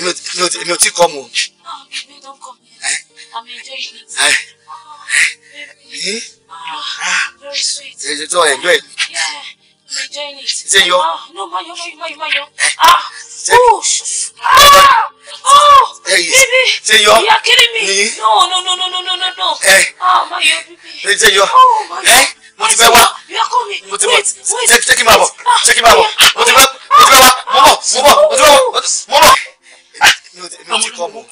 don't come I'm enjoying it. Very sweet. ò enjoy it. Yeah. I'm enjoying it. Say Ṣé yọ? No, má yọ, má my má yọ. Ah! Oh! Ah! Oh! Baby! Say yọ? You are killing me! No, no, no, no, no, no, no, no. Ah, my yọ, baby. Say yọ? Oh, my yọ. Mo ti fẹ́ wá. You are coming. Mo ti wá. Wait, wait. Ṣé him n máa bọ̀? Ṣé kí n máa bọ̀? Ah, mo ti fẹ́ wá. Mo ti mi ò ti kọ́ mọ́.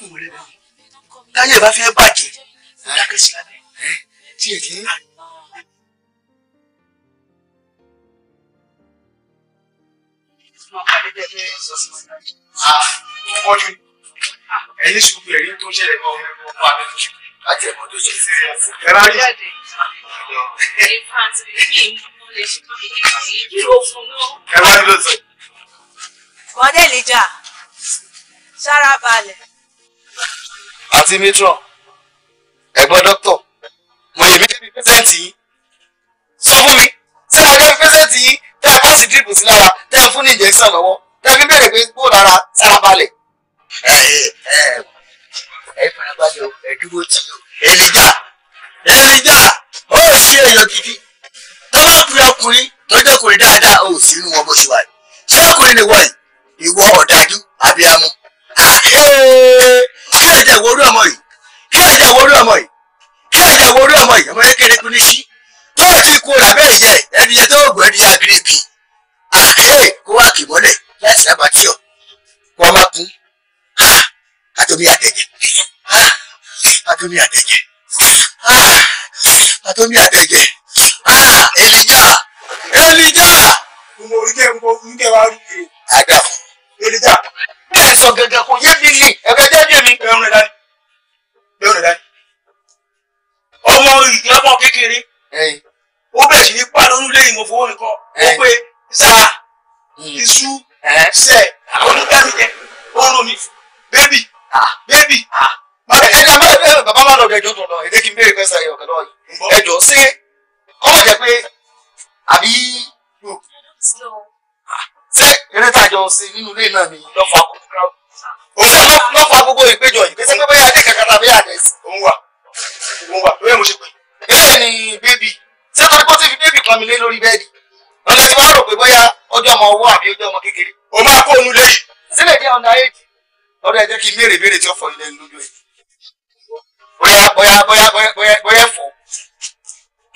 táyé bá fẹ́ bàjẹ́ ó dákẹ́ sí abẹ́. tiẹ̀ tiẹ̀. ẹ̀yin ṣùgbọ́n ẹ̀yin tó ṣẹlẹ̀ kọ́ ọmọ abẹ́ tuntun láti ẹ̀mọ́ tó ṣe fún ẹ bá rí. ẹ bá rí lóṣù. bọ́dẹ̀ jà sára balẹ̀. àti matron ẹ̀gbọ́n dókítọ̀ mo lè mí débi pẹ́sẹ́ǹtì yín sọ fún mi sí àdé pẹ́sẹ́ǹtì yín tẹ́ ẹ pàṣẹ dírípù sí lára tẹ́ ẹ fún ní injection lọ́wọ́ tẹ́ ẹ fi béèrè pé kó lára sára balẹ̀. ẹ ẹ ẹ farabalẹ̀ o ẹ dúró tì o èlìjà èlìjà ó sí èèyàn gidi tó bá fi ọkùnrin tó jọkùnrin dáadáa ó sì ń wọ bó ṣe wà yìí ṣé ọkùnrin lè wọ yìí ìwọ ọ̀dájú abiyamọ ẹ dẹ̀ wo orú ọmọ yìí ẹ dẹ̀ wo orú ọmọ yìí ẹ dẹ̀ wo orú ọmọ yìí ọmọ kékeré kú ní sí tó o ti kó ra bẹ́ẹ̀ yẹ ẹdìyẹ tó oògùn ẹdìyẹ àgíríkì àhẹ́ kó wá kì mọ́lẹ̀ láti sábà tí ọ kó ọmọ kú ha àtọ́mí àtẹ̀jẹ̀ ha àtọ́mí àtẹ̀jẹ̀ ha àtọ́mí àtẹ̀jẹ̀ ha Èlíjà Èlíjà. mo rí jẹ́ mo rí jẹ́ wá rí kiri. àgbà fún èlìjà bẹ́ẹ̀ sọ gẹ́gẹ́ kò yé mi ni ẹ̀ka jẹ́ bí èmi ẹ̀rùn rẹ̀ dání ẹ̀rùn rẹ̀ dání ọmọ ìgbẹ́ kékeré ó bẹ̀rẹ̀ sí ní pàdánù lẹ́yìn mo fowó mi ó pé sáà hmm. iṣu sẹ̀ onígbàmí oorun mi bébì bébì. ẹ̀ka bẹ́ẹ̀ bàbá máa lọ ẹjọ́ tó lọ èdè kí n béèrè pẹ́sà ẹ̀yọ̀ kẹ́lọ́ yìí ẹjọ́ ṣé kọ́mọ̀ pé àbí ṣe eré tàjọ sí nínú ilé náà ni lọ́fà lọ́fà gbogbo ìpéjọ yìí pèsè pé bóyá adé kankan tàbí àdé òun wà òun wà lóyè mo ṣe pé. eré ni bébì ṣé torí kó ti fi bébì kan mi lé lórí bẹ́ẹ̀dì lọ́lẹ́ ti wá rò pé bóyá ọjọ́ ọmọ ọwọ́ àbí ọjọ́ ọmọ kékeré. o máa kó onú léyìí. sílẹ̀ jẹ́ ọ̀nà ayéjì lọ́dọ̀ ẹ jẹ́ kí béèrè béèrè tí ó fọ ilẹ̀ lójú ẹ̀. bóyá bóyá bóyá bóyá bóyá ẹ̀fọ́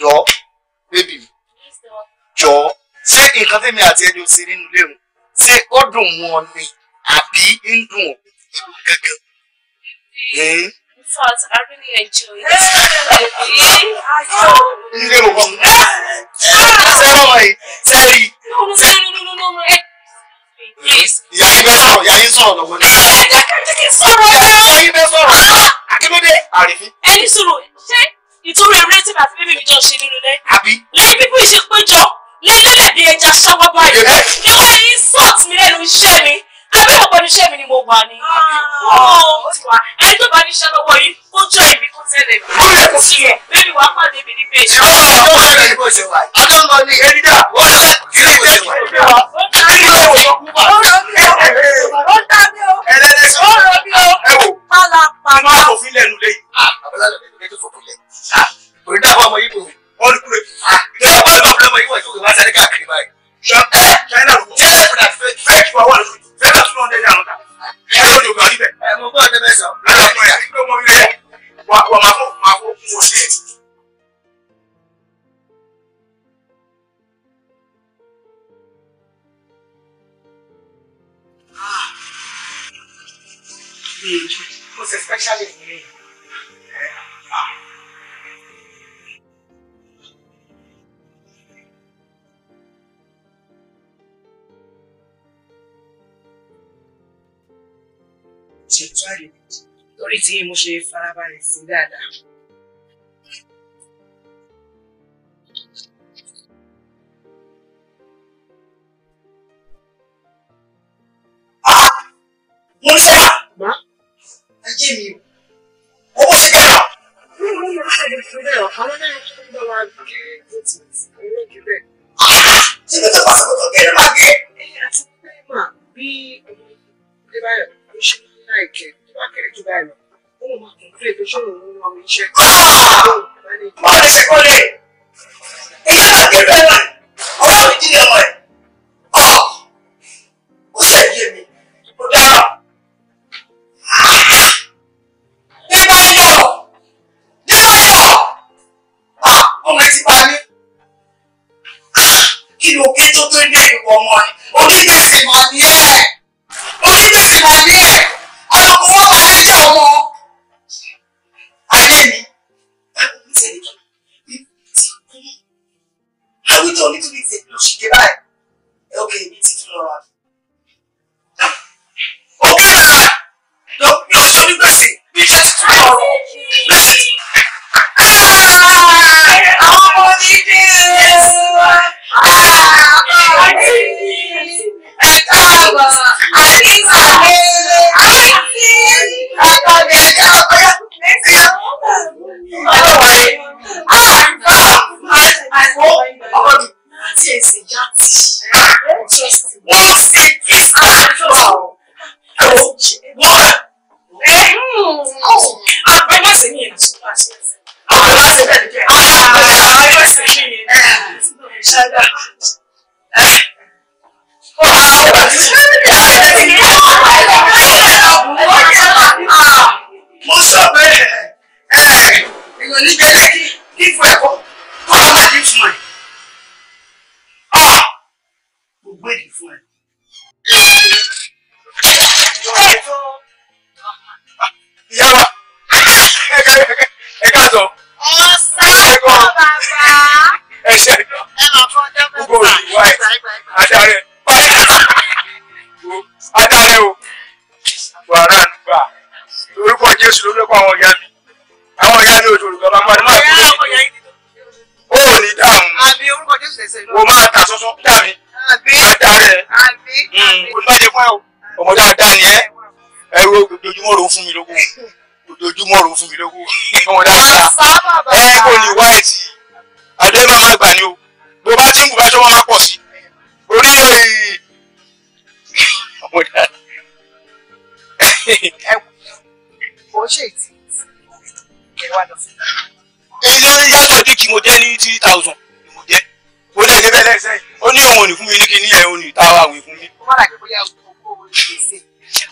jọ bébì jọ ṣé nǹkan tẹ́mi àti ẹni ò sí nínú ilé wọn ṣé ó dùn wọn ni àbí ń dùn ọ́ gẹ́gẹ́. In fact, I really enjoy it. Ilé o kọ́. Ṣé ọmọ yìí ṣe rí? Ìyá yín bẹ́ sọ̀rọ̀, ìyá yín sọ̀rọ̀ lọ́wọ́ ni. Ìyá yín bẹ́ sọ̀rọ̀. Akíndé àrífín. Ẹni sùúrù, ṣé ìtòrò ẹ̀rẹ́ tí bàbá bíbí mi jọ ṣe nínú ilé? Àbí. Láì bíbí ìṣe péjọ lílẹ̀ di ẹja ṣọ́pọ̀ báyìí ìwọ yìí sọ́ọ̀t mi lẹ́nu iṣẹ́ mi abẹ́rẹ́ pẹ̀lú iṣẹ́ mi ni mo wà ní. Ah. ẹni tó bá níṣẹ́ lọ́wọ́ yìí kó jọ èmi kó tẹ̀lé mi. ó yẹ kó sí yẹ. bébí wàá pàdé mi ní bẹ́ẹ̀ ṣe. ìwọ àwọn ọmọ rẹ ni bó ṣe wà. ọjọ́ ń lọ ní eré dà. ó yẹ kí PhD ó ṣe specialist nílé yìí. ṣètò àlejò lórí tí mo ṣe farabalẹ̀ sí dáadáa. kí mi o ó wá ẹgbẹ́ náà. Ṣé tó bá sọ̀rọ̀ tó kẹ́rẹ́ máa gé? Àti ah! pé màá bí ọmọ ìdílé báyọ̀ ló ṣe ń láì kẹ́ tó bá kéré jù báyìí lọ. Ó mọ̀ tó ń pè é pé ṣé òun ń rán mi iṣẹ́. Má lè ṣe kọ́lé! Èyí á máa kéré bẹ́ẹ̀ náà. Ọlọ́run jíjẹ ọmọ ọmọ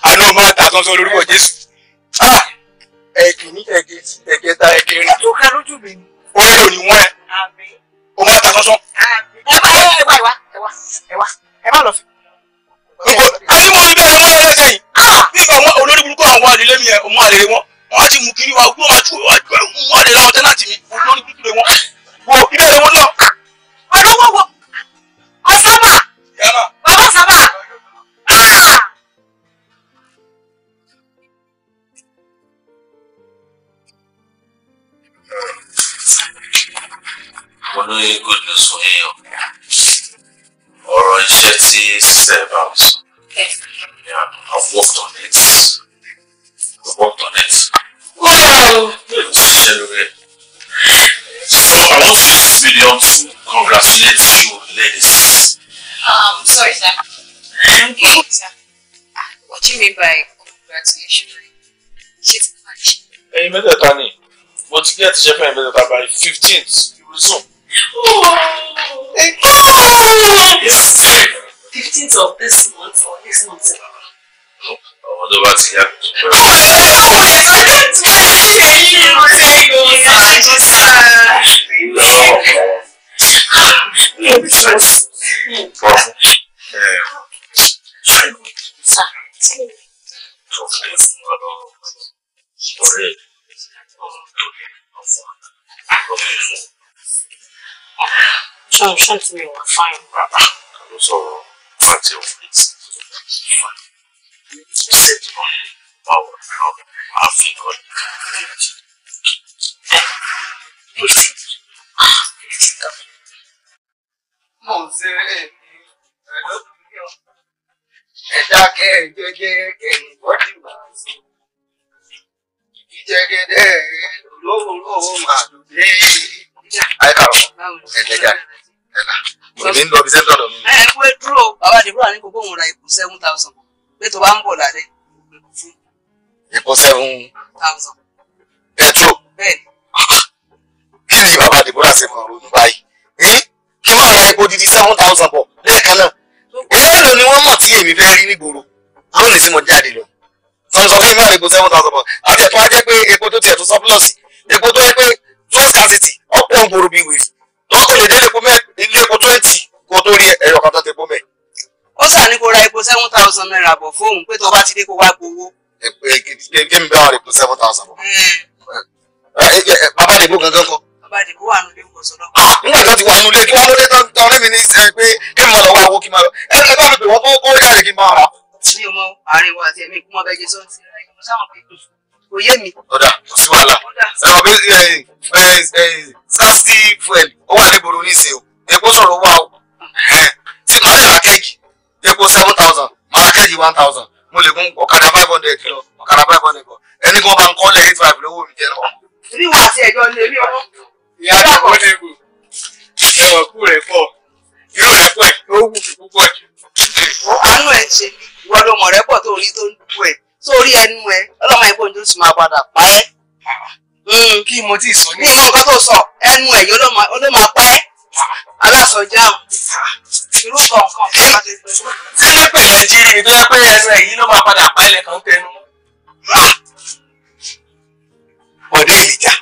àánú ọmọ àtàkànṣe olórúkọ Jésù ah! ẹ̀kìní ẹ̀kẹtì ẹ̀kẹta ẹ̀kẹrin orí òní wọn ẹ ọmọ àtàkànṣe. ẹ wá ẹ wá ẹ wá ẹ wá ẹ má lọ fi. àti mo fi bẹ́ẹ̀ wọ́n ẹlẹ́sẹ̀ yìí ah! bí ọmọ olórí burúkú àwọn wà nílé mi ẹ ọmọ àlè wọn wọn ti mú kiri wa ojú wọn àti wọn àlè làwọn tẹ́láǹtì mi olórí burúkú lè wọn wo ibẹ̀ lè wọn lọ. Ah! ọ̀rọ̀ wọ́wọ́ ọ̀sán wà. lóye good news fún yín o ọ̀rọ̀ iṣẹ́ tí sísẹ̀ sọ I've worked on it I've worked on it. Wow! So I want to use this video to congratulate you ladies. Um, sorry sir. Eh? Okay, sir. Ah, what do you mean by congratulations? She's a match. Ẹ̀yin mẹ́tẹ̀ẹ̀ta ni, mo ti gé ẹ̀tíṣẹ́ fifteenth, you resume. not here. Something you will find, Baba. I'm sorry. What's your face? Sitting power from African Mo ń ṣe ẹ dákẹ́ jẹ́jẹ́ ẹ̀yìn bọ́dì máa ń sọ. Ìjẹ́gẹ́dẹ́ lówólówó máa lò dé. Àyíká ọ̀ ẹ̀dẹ́gà ẹ̀dá. Mo ní lọ bí sẹ́ńtọ̀ lọ. Ẹ wé dúró, bàbá àdìbò àní gbogbo òun ra ipò seven thousand pé tó bá ń bọ̀ lálẹ́ fún. ìbò seven thousand. pẹ̀tró ah, ah. kí ni bàbá Deborah ṣe máa ronú báyìí kí wọ́n ra epo didi seven thousand bọ̀ lẹ́ẹ̀kan náà èèyàn ni wọ́n mọ̀ tí èmi fẹ́ rí nígboro lónìí tí mo jáde lọ tọ́n sọ fún mi máa epo seven thousand bọ̀ àti ẹ̀tọ́ ajẹ́ pé epo tó tiẹ̀ tó surplus epo tó yẹ pé fuel scarcity ọ̀pọ̀ ń gbòòrò bí wèrè tó kò lè dé lẹ́po twenty kó tó rí ẹ̀yọ̀ kan tó ti pọ́ mẹ́ẹ̀ ó sà ní kó ra epo seven thousand naira bọ̀ fóun pé tó bá ti dé kó wá gbowó. kémi bá wọn epo seven thousand bọ̀. Hmm. Eh, eh, eh, bàbá àdìgbò gangan kọ. bàbá àdìgbò wà nulẹ̀ kò sọ lọ́kọ̀. Ah, nígbà tó ti wà nulẹ̀ kí wọ́n mú létọ́ tọ́ lẹ́mi ní sẹ́ pé kémi máa lọ wá owó kí máa lọ ẹ ẹ bá mi pè wọ́n kó kó jáde kí n máa rà. mi ò mọ àárín wa àti ẹ̀mí kú mọ́ bẹ́ẹ̀ jẹ sọ́ọ̀tì rẹ̀ mo sáwọn pé kò yé mi. ọ̀dà kò sí wàhálà sàwọn bí sars fuel ó wà níbòrò ní ìsìn o èkó sọ̀rọ̀ wà o. Hmm epo seven thousand màá kẹ́yìn one thousand mo lè gun ọ̀kadà five hundred kìlọ ọ̀kadà five hundred kọ ẹni kan bá ń kọ́ lẹ̀ eight five lówó mi jẹ lọ. ní wàá ti ẹ̀jọ́ lè rí ọmọ. ìyá àbúkù ní ibù ẹwà kú rẹ̀ pọ̀ irú rẹ̀ pọ̀ ó wù púpọ̀ jù. àánú ẹ̀ ṣe ìwọ ló mọ̀ rẹ́ pọ̀ tó rí tó ń dúpọ̀ ẹ̀ tó rí ẹnu ẹ ọlọ́mọ ẹ̀kọ́ ní oṣù máa padà pa ẹ́. Hmm, kí mo ti sọ ní. kí mo nǹkan tó sọ ẹnu ẹ̀ yóò ló máa pa ẹ́ alákọjá irú kọ̀ọ̀kan tó bá ti pẹ́. sílé pẹ̀lẹ́ jírí mi tó yẹ pé ẹnu ẹ̀yìn ló máa padà pa ilẹ̀ kan tẹnu. Ah! bọ̀dé ìjà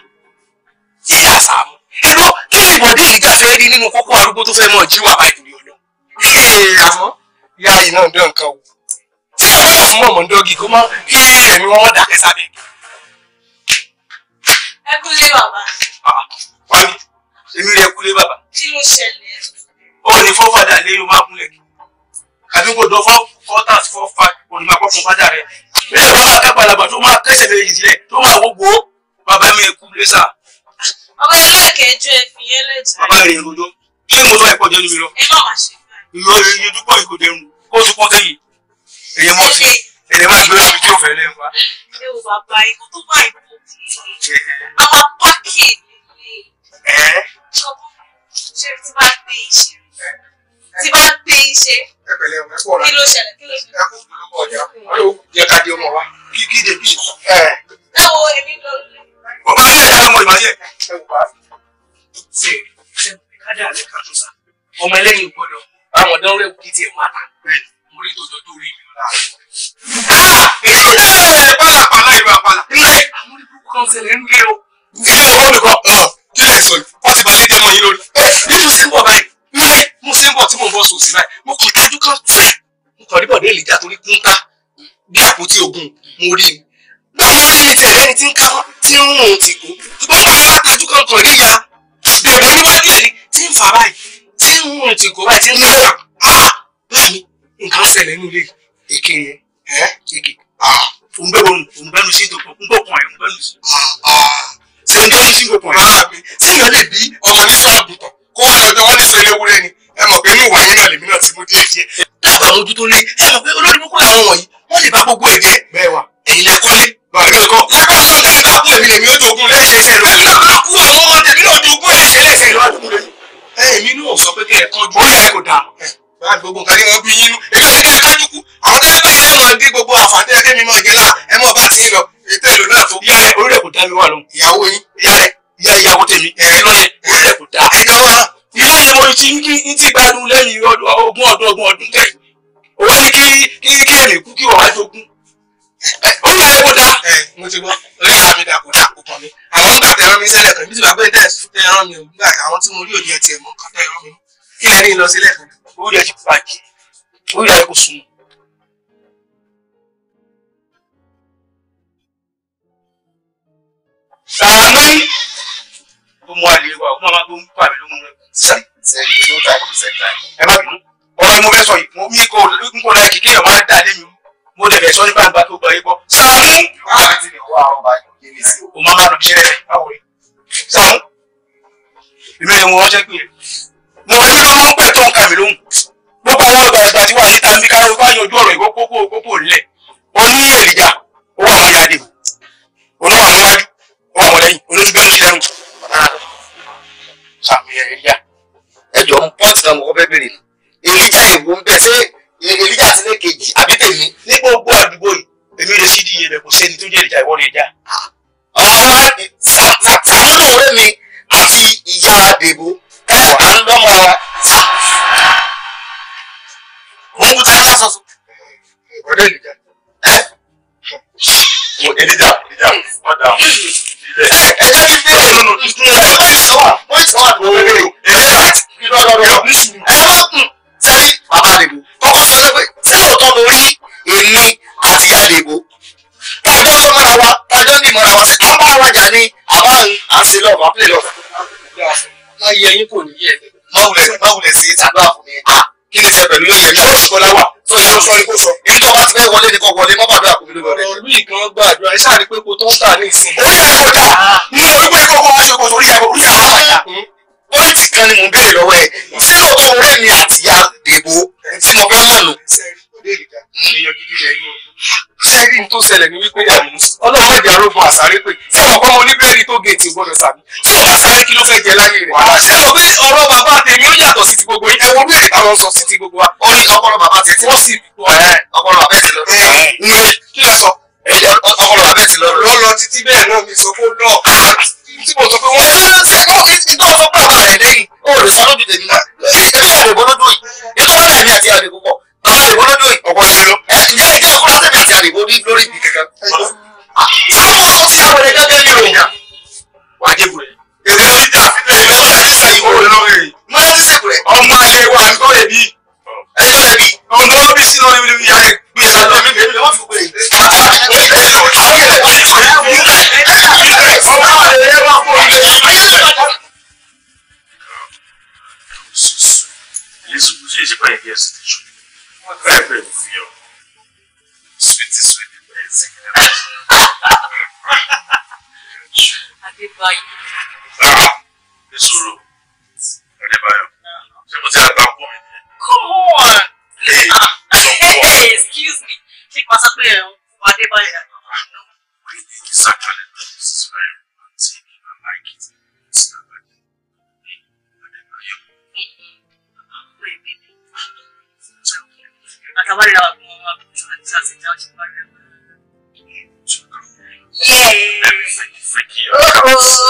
ìyá Sàámú ẹ̀rọ kí ni bọ̀dé ìjà fẹ́ rí nínú kókó arúgbó tó fẹ́ mọ̀ jí wà báyìí lórí ọ̀dọ̀. àmọ́ ìyá yìí náà dán nǹkan wò tí wọ́n bá fún mọ̀mọ́ dọ́gì kó má kí ẹ̀mí wọn dákẹ́ sábẹ́. ẹ kú lé bàbá. Ah èmi rí ẹkú lé bàbá. kí ló ṣẹlẹ̀. ó ní fọ́ fàdà lé yóò máa kúnlẹ̀ kí. àbí kò dán fọ́ fọ́tàs fọ́ fà kò ní máa kọ́ fún fàdà rẹ̀. bẹ́ẹ̀ ló máa ká balaba tó máa kẹ́sẹ̀ méjì sílẹ̀ tó máa wógbó bàbá mi ẹkú lé sá. bàbá yàrá kẹjọ ẹ fi yẹn lẹ́jà. bàbá rẹ̀ ń rojo kí ni mo sọ ẹ̀kọ́ jẹ́ lómi lọ. ẹ náà máa ṣe fún mi. ìrọ̀ ṣé tí bá gbé iṣẹ́ tí bá gbé iṣẹ́ kí ló ṣẹlẹ̀ kí ló ṣẹlẹ̀. jẹ́ ká di ọmọ wa kí kí de bí. ẹ wo èmi lọ. bàbá yẹ ẹ sáà mọ ìmọ̀ ayé. ṣe ṣe kájà rẹ kà tó sá ọmọ ẹlẹ́yìn gbọ́dọ̀ báwọn dánwó ẹ̀kú kí tiẹ̀ máa ta mo rí tòjọ́ tó rí mi lára. èyí ẹ bá làpàlà ìbàpàlà. àwọn ìbùkún kan ṣẹlẹ̀ ń lé o. kí ni ìwọ nìkan ń sọ yìí wọ́n ti bá yé dẹ́mọ̀ yín lórí bí mo ṣe ń bọ̀ báyìí láì mo ṣe ń bọ̀ tí mo ń bọ̀ sòsì báyìí mo kàn dájú kan tẹ́ mo kàn rí bọ̀dé ìlíjà torí kúńká bí àpótí ogun mo rí i báwo sì ni tẹ̀lé ẹni tí ń ká tí ń rún ti kú ṣùgbọ́n bá yà dájú kan kàn rí ya bẹ̀rù níwájú ẹ̀ tí ń fà báyìí tí ń rún ti kú báyìí tí ń náírà bá mi nǹkan ṣẹlẹ̀ nínú ilé èké yẹn ẹ̀ èké òun bẹ́ẹ̀ òun bẹ́ẹ̀ lu sí ìtòkùn òun bọ̀ kàn ẹ̀ òun bẹ́ẹ̀ lu sí ìtòkùn tí n kí single point. ara mi tí yẹn lè bí ọmọ ní sọ àgùntàn kó wá lọ́jọ́ wọn ní sọ ilé wúrẹ́ ni ẹ mọ̀ pé inú ìwà yín náà lèmi náà ti mú díẹ̀ díẹ̀. dábàá mojú tó lé ẹ mọ̀ pé olórí púpọ̀ làwọn wọ̀nyí wọ́n lè bá gbogbo ẹ̀ jẹ́. bẹ́ẹ̀ wa èyí lẹ kọ́lé. bàbá mi kọ́. bàbá mi kọ́ lẹ́yìn bá kú èmi lèmi ó jogún lé. èmi náà bá kú àwọn ọmọ tèmi náà jogún ẹ̀ ṣe ìlú àdúgbò lé. èmi náà sọ ètò ìlú náà fún. ìyá ẹ orí rẹ kò dá mi wà lóhùn. ìyàwó yín. ìyá ẹ ìyá ìyàwó tèmi. kí ló dé orí kò dá. ẹjọ́ mo ti ń kí ń ti gbádùn lẹ́yìn ogún ọdún ogún ọdún tẹ̀. ó wá ní kí kí kí ẹ̀mí kú kí wọ́n wá jogún. orí rẹ kò dá. mo ti gbọ́ orí ìyá mi dà kò dá kò kàn mí. àmọ́ nígbà ẹran mi sẹ́lẹ̀ kan níbi àgbẹ̀ tẹ̀ tẹ ẹran mi nígbà àwọn tí mo rí òye tiẹ̀ mọ́ kí lẹ́ni lọ sílẹ̀ kan. orí rẹ ti sùn Sani. Gbogbo àlejò àwọn ọmọ tó ń pa mi ló mú rẹ. Sẹ́ni sẹ́ni tí ó ta ìlú sẹ́ta. Ẹ má bínú. Ọ̀rọ̀ mo fẹ́ sọ yìí. Mo mí kò n kò láì kékeré máa dà lé mi. Mo dẹ̀ bẹ̀ sọ ní gbàgbà tó gbà yé bọ́. Sani. Àwọn àti lè wá ọba yìí. O máa bá lọ ṣẹlẹ̀ rẹ̀ báwo rẹ̀. Sani. Èmi rẹ̀ mo ránṣẹ́ pé mo rẹ̀ ló mọ̀ pẹ́ tó ń kà mí lóhùn. Gbogbo àwọn àgbààgbà tí wà síta ń bí káwọn bá yanjú ọ̀rọ̀ ìkókó kókó nílẹ̀. Oní èrìjà, owó àyàdè, olówó àyàdè wọn wọn lẹ́yìn olójú bí ó ti lẹ́nu. ẹjọ ń pọ́ tí ọmọ ọbẹ̀ bèrè èlíjà ègbò ń bẹ ṣé èlíjà ti lé kejì àbí tèmi. ní gbogbo àdúgbò yìí èmi lè ṣí díye rẹ kò sẹ́ni tó jẹ́ ìjà ìwọ́de ìjà. Ah, sàmúlò ọ̀rẹ́ mi àfi ìyá dèbò. yìí kí wọ́n gbàdúrà ẹ ṣáà rí pé kò tó ń tà ní ìsìn. ó yẹ kó dà mú ìwé kókó máa ṣe kó sórí ẹ̀rọ orí ẹ̀rọ àjà. pọ́ìntì kan ni mò ń béèrè lọ́wọ́ ẹ̀ ṣé lóòótọ́ ọ̀rẹ́ mi àti ìyá dèbò tí mo fẹ́ mọ̀ nù. ṣé rí n tó ṣẹlẹ̀ ní wípé àmì ọlọ́wọ́ ìjà ló fún àṣàrí pé ṣé ọkọ mo ní bẹ́ẹ̀rì tó géètì gbọ́dọ̀ sàmì tí ọba sáré kí ló fẹ́ jẹ láyé rẹ̀. ṣé o bẹ ọ̀rọ̀ bàbá tèmi ó yàtọ̀ sí ti gbogbo yìí ẹ̀wọ̀n bèrè táwọn sọ sí ti gbogbo wa ó ní ọpọlọ bàbá tẹ̀ tí wọ́n sì ọpọlọ bàbá tẹ̀ lọ́dọ̀ ọkọlọ abẹ ti lọ lọlọ títí bẹ́ẹ̀ náà mi sọ fún náà tí mo sọ pé wọn. ìtọ́ sọ pé bàbá rẹ̀ lẹ́yìn o lè sọ lójú tèmi náà ẹ bàbá rẹ̀ bọ́lódó yìí ètò wọn lẹ́yìn àti àdè púpọ̀ bàbá rẹ̀ bọ́lódó yìí. ọkọ sí lọ. ẹ ǹjẹ́ ìjẹ́ ọkọ láti àti àdè bọ́ lórí ibi kankan. ìyàwó ọkọ ti àwọn ẹ̀dẹ́ gẹ́gẹ́ bí òǹkà. wàá dé bùrẹ̀. èdè ìjà ìgbẹ́ ìgbẹ́ ìgbẹ́ ìgbẹ́ Come on! excuse me ṣé kí wọ́n sọ pé ẹ̀ ń fún adébáyọ̀. Acabar la vacuna, se te va a chupar. Yeah. Everything freaky. Oh.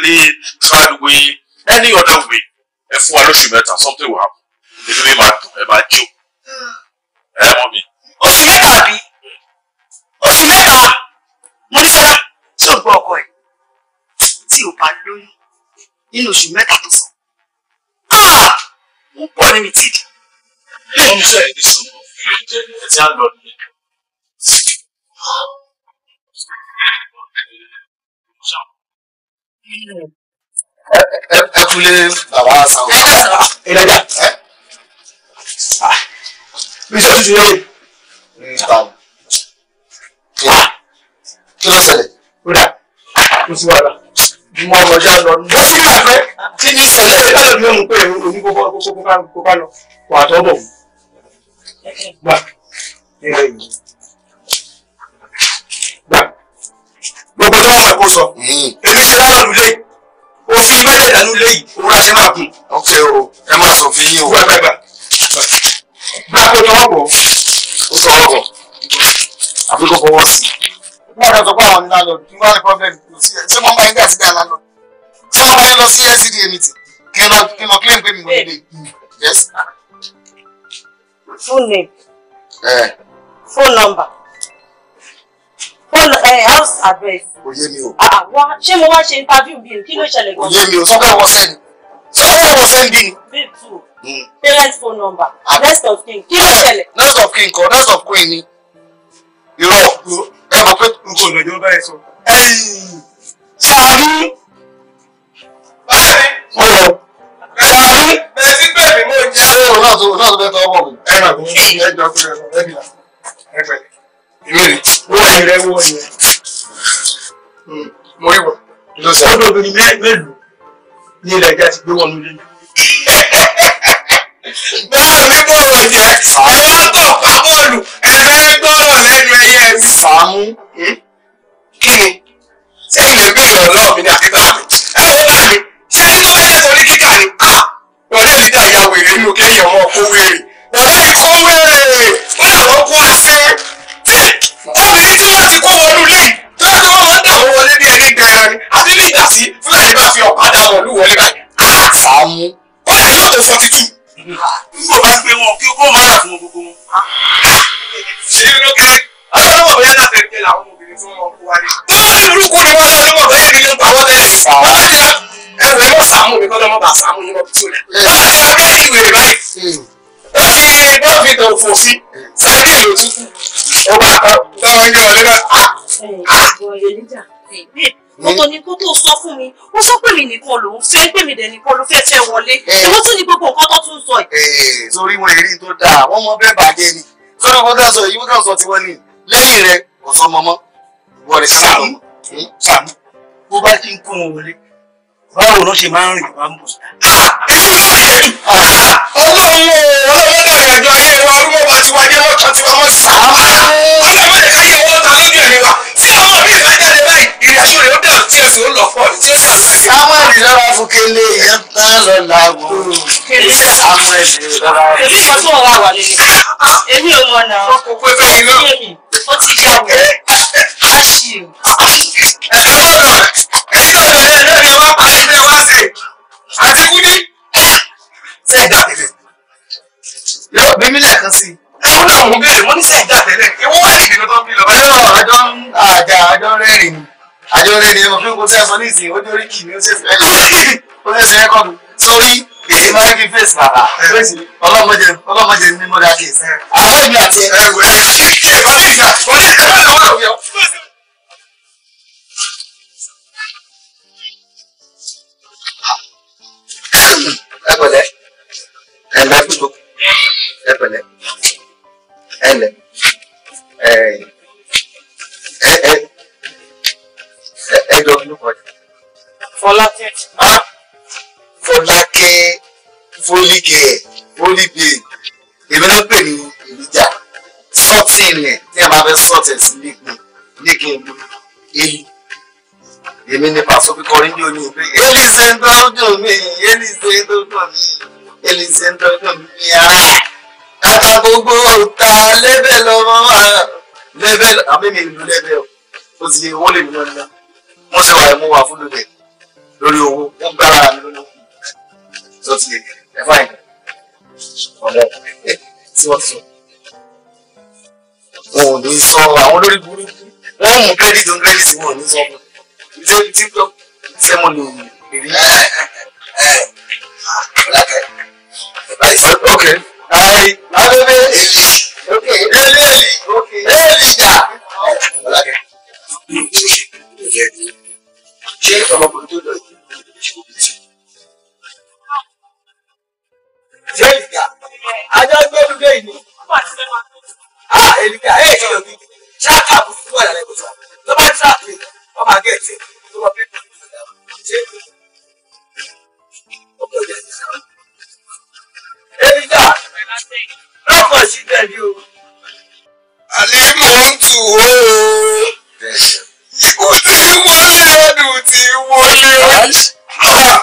really try way any other way ẹ fún wa lóṣù something will happen nítorí mi máa dùn ẹ máa jó ẹ mọ mi. oṣù mẹ́ta àbí oṣù mẹ́ta mo ní sẹ́yà tí ò gbọ́ ọkọ ẹ̀ tí ò bá lóyún nínú oṣù mẹ́ta tó sọ ó ah! pọ̀ níbi tí ìdí. wọ́n tẹ̀ ẹ́ sọ̀rọ̀ ẹ̀ tí a lọ nìyẹn. Thank you. Ah! ẹ kúlé bàbá sàwọn. ìdájà bí sọ tuntun yẹn. ní ìtàn kí ló ṣẹlẹ̀. ó dà kó sí wàhálà mo mọ̀ já lọ ní. ó sì máa fẹ́ kí ni ṣẹlẹ̀. ṣé báyọ̀ ni ó mú pé omi kókó kókó kókó lọ wà tọ́ bọ̀. gbà ẹ lọ yìí. ó sọ èmi ṣe lálàlú lé òfin bá lè dànù lé yìí òun la máa kù. ok o ẹ máa sọ fún yín o. gbàgbà gbà gbà kó tọwọ́ bọ̀ ó tọwọ́ bọ̀ àfi kó fọwọ́ sí i. wọ́n rẹ̀ sọ pé àwọn ní landlord ní wọ́n rẹ̀ problem ṣé wọ́n bá yín dàtí dà landlord ṣé wọ́n bá yín lọ sí LCDA meeting kí n lọ kí n lọ claim pé mi wọ́n lè. yes. full name. Eh. phone number. Paul house address. Kò yé mi o. Àwa ah, ah, ṣé mo wá ṣe interview bí o? Kí ló ṣẹlẹ̀ gan-an? Kò yé mi o, sọ́kà wọ sẹ́ni. Sọ́kà wọ bí. Babe hmm. Parent phone number. Address ah. of king. Kí ló eh, ṣẹlẹ̀? Next of king. kọ́, next of queen ni. Irọ́ ẹ mọ̀ pé nǹkan ò lọ́jọ́ báyìí sọ. Ṣàánú. Báyìí. Mo lọ. Ṣàánú. Bẹ̀rẹ̀ sí pé èmi mò ń jẹ́. Ṣé o náà tó náà tó fẹ́ tọ́ ọmọ mi? Ẹ máa gbọ́. Ẹ jọ pé ẹ gbà. Ẹ gbà ìbéèrè. wọ́n rẹ̀ wọ ni mo rí wọ. ọdún obìnrin mélòó ní ilẹ̀ ẹja ti gbé wọn nílé. bẹ́ẹ̀ mi bọ̀rọ̀ jẹ́ ọlọ́tọ̀ pa bọ́ọ̀lù ẹ̀fẹ́ gbọ́rọ̀ lẹ́nu ẹyẹ mi. Sàámú hmm? kí ni sẹ́yìn lè béèrè ọlọ́ọ̀ mi ní àkíkà mi. ó sọ pé mi nìkan lòún fẹ́ pé mi dẹ̀ nìkan ló fẹ́ fẹ́ wọlé eh. èwo tún ni gbogbo nǹkan tó tún sọ yìí. torí eh, wọn èrí tó dáa wọn mọ bẹ́ẹ̀ bàjẹ́ ni sọdọ kan tẹsán yìí wọn kàn sọ tiwọn ni lẹ́yìn rẹ kò sọ mọmọ ìwọ rẹ sí ọmọ bó bá ti ń kó wọn wọlé báwo ló ṣe máa ń rìn wá ń bọ̀. Ah! ọlọ́run o ọlọ́run ìrìnàjò ayé wa arúgbó bá ti wájẹ́ lọ́jọ́ tiwa mọ́ sàmú. Ah! ọlọ́run bá ìrìnàjò rẹ̀ ó dàrú tí èsì ó lọ fọ́ jésù. samuel lọ́ra fún kele ìyẹn tán lọ làágùn samuel lọ́ra fún. èmi kan tó wà wà lélẹ̀ èmi ò mọ̀ náà. ọkọ̀ pé báyìí náà. èmi ti yà wọ̀ á ṣì. ẹ̀yin náà lẹ́yìn náà ni wọ́n parí ní wá sí àti wúdí. sẹ́yìn dà tẹ́lẹ̀. yóò bí mílẹ̀ kan sí i ní sẹ́yìn dà ìwọ́n wà ní ìbínú tó ń bí lọ. ẹ̀rọ àjọ àjà àjọ rẹ́rìn-ín àjọyọ̀rẹ́ ni ẹ mọ̀ fún kò tẹ́ ẹ sọ ní ìsìn ojú orí kì ní ó ṣẹ̀ṣẹ̀ ó ṣẹ̀ṣẹ̀ ẹ̀kọ́ mi sórí èyí máa ń fi fèsì bàbá fèsì ọlọ́mọdé ọlọ́mọdé ní mọ́dà kìsì. àwọn èmi àti ẹ wò ẹ ṣe ìbára ìjà orí ẹ lọ́wọ́ lọ́wọ́ yọ. ẹ pẹ̀lẹ́ ẹ lẹ kúndó ẹ pẹ̀lẹ́ ẹ lẹ ẹ ẹ ẹjọ́ olúmọdé. Fọlákẹ́. Ah! Fọlákẹ́ Fọlíkẹ́ Fọlíbẹ̀ èmi náà pè ní ìlíjà sọ́ọ̀tìn rẹ̀ tí ẹ máa fẹ́ sọ́ọ̀tìn sí lẹ́gbẹ̀ẹ́ lẹ́gbẹ̀ẹ́ èyí èmi ní pàṣẹ fi kọrin ní oní ìpè elise ń tọ́jú mi elise ń tọ́jú mi elise ń tọ́jú mi ara kàkà gbogbo ta lẹ́bẹ̀ lọ́mọ́ wa lẹ́bẹ̀ àmì mi ìlú lẹ́bẹ̀ o ti wọlé mi lọ́nà wọ́n sì wà ẹ̀ mú wa fún lóde lórí owó wọ́n gbára mi lórí owó tó ti ẹ̀ fáìn ọ̀nà tí wọ́n ti sọ. wọn ò ní sọ àwọn olórí burúkú wọn mú kírẹ́dìtì ń kírẹ́dìtì wọn ò ní sọ fún mi ṣé tí tó ṣé mo lè rí. Okay. I, I don't know. Okay. Really? Okay. Really? Yeah. Okay ṣé ọmọkùnrin tó lọ yìí ṣé ìgbà ajá gbẹ́rù dé ìní. a èmi kà ẹ̀ ṣe òbí ṣáàkà àbùkù wà lálẹ́ kò sọ ló bá tíráàkì wọn máa gẹ̀ ẹ̀jẹ̀ tó wọ́n fi kú ṣé ọkọ̀ ìjà ti lọ́kọ̀ sí tẹ̀lé o. àlè mọ̀ ń tù ó ó ti wọlé ẹnu ti wọlé.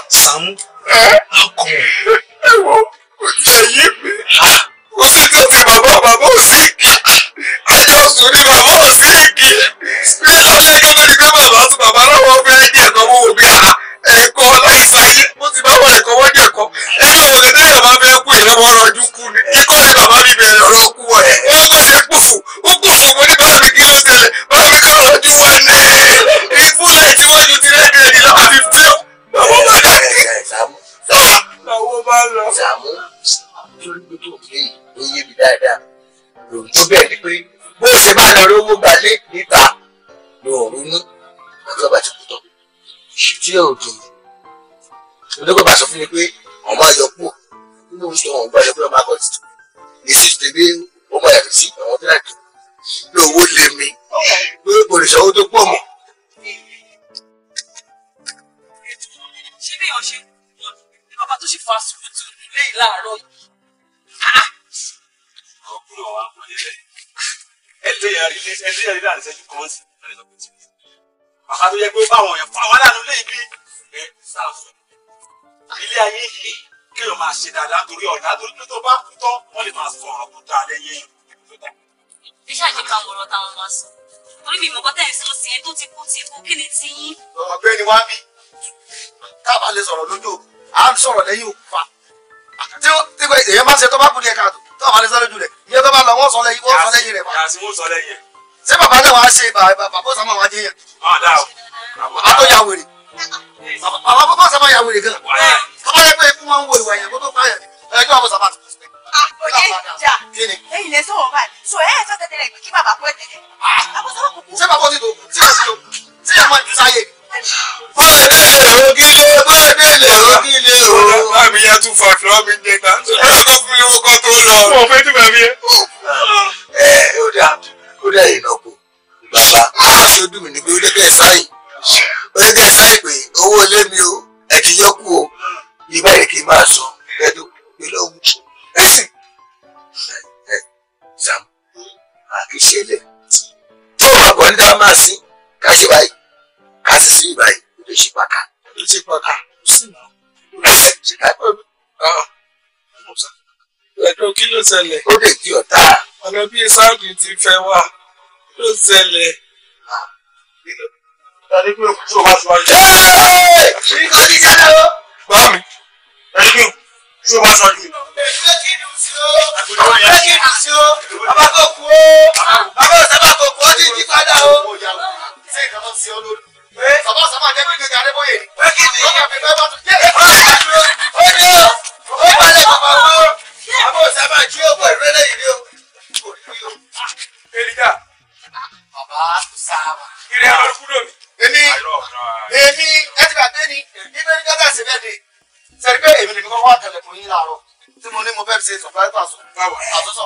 Sàámú akọ. ẹ wo kò jẹ yé mi kò sí títí bàbá bàbá ò sí igi ẹjọ́ sùn ní bàbá ò sí igi ọdún ìjọba ni pé bàbá àti bàbá aláwọ̀ fẹ́ ní ẹ̀kọ́ wọn ò gbé ara ẹ̀kọ́ láìsáyé mo ti bá wọn ẹ̀kọ́ wọ́n ní ẹ̀kọ́ ẹ̀yìn òwò kẹ́tẹ́ yàrá fẹ́ kú ìrẹ́wọ́n rọjú kú ni ikọ́ ni bàbá mi bẹ̀rẹ̀ ọ̀rọ̀ kú ọ̀ ẹ̀. máa lọ. sàmú torí pé tó pé ó mi dáadáa lòun tó bẹ́ẹ̀ ni pé bó ṣe máa lọ rówó gbalé níta ló ń ronú ọjọ́ bá ti kú tán ṣe tí ò dùn onígbàgbà sọ fún mi pé ọmọ ayọ̀pọ̀ nínú oṣù tó wọn gbọ́ ayọ̀pọ̀ ọmọ akọ̀tì èsì tèmi torí ọ̀dà torí pé tó bá kú tán wọ́n lè máa sọ ọ̀rọ̀ tó dáa lẹ́yìn èèyàn. ẹ ṣáàjì ká ọ̀rọ̀ táwọn máa sọ torí mi ìmọ̀kọ́ tẹ̀yìn sọ sí ẹ tó ti kú ti kú kí ni ti yín. ọ̀gbẹ́ni wá bí káàbà lè sọ̀rọ̀ lójú à ń sọ̀rọ̀ lẹ́yìn òkú tí èèyàn bá ṣe tó bá kú ní ẹ̀ka tó tó àbálẹ̀ lójú rẹ̀ ìyẹn tó bá lọ wọ́n sọ lẹ́yìn wọ́n sọ lẹ́yìn rẹ̀ pa. ṣé bàbá náà wàá ṣe bàbá sàmà wàá jẹyàn. bàbá tó yà wèrè bàbá sàmà yà wèrè gan. bàbá yẹ pé ikú máa ń wo ìwà ìyàgbọ́ tó pààyàn ẹgbẹ́ ọmọ sábà ti fi sílẹ̀. àkòyé ìjà ẹ̀yin lè sọ̀rọ̀ báyìí so ẹ̀ ẹ̀ sọ̀tẹ̀ tẹ̀lé kí bàbá kú ẹ̀ tẹ̀lé. Ah, àbọ̀ sábà kúkú. ṣé bàbá ti dòkú tí yóò tí yóò mọ ìtúsáyé. bóde ògìlè bóde ògìlè o. bàbá yẹn tún fà fún mi jẹ ta ṣùgbọ́n ọkọ̀ fún mi wọ́kọ̀ tó lọ. mo fẹ́ tún bàbá yẹn. ẹ oh. eh, eh, ó dà ó dà yìí náà kú bàbá ah. ṣé ó dùn pé ó dé kẹ́ ẹ sáyìn ó pé owó ilé mi o ẹ̀ kì í yọ kú o bí báyìí kì í máa sọ ìpínlẹ̀ Ògùn. sam àkíṣe lè tí ó kọ̀ọ̀kan ní dáa máa sin ká ṣe báyìí ká sì sí ìbáyìí ó lè ṣe pàkà. ó lè ṣe pàkà ó sì máa ṣe ká pẹ̀lú. ẹ̀dùn kí ló ṣẹlẹ̀. ó lè di ọ̀tá. ọ̀nà bí sáàbì ti fẹ́ wá ló ṣẹlẹ̀. Ṣé ìkànnì jẹ́ lọ? Bá mi. Ẹni ṣé o bá sọ yìí. ọ̀pẹ kì í dùn sí o bàbá kò kú o bàbá ò sábà kò kú ó ti yí padà o. ṣé ìdáná sí ọ lórí. bàbá ò sábà jẹ́ kí gbẹ̀gà adébóyè. ọ̀pẹ kì í dùn sí o bàbá ò sábà kò kú ó ti yí padà o. bàbá ò sábà jí ó pẹ̀lú ẹlẹ́yìn ni o. ṣe survival àtúnṣe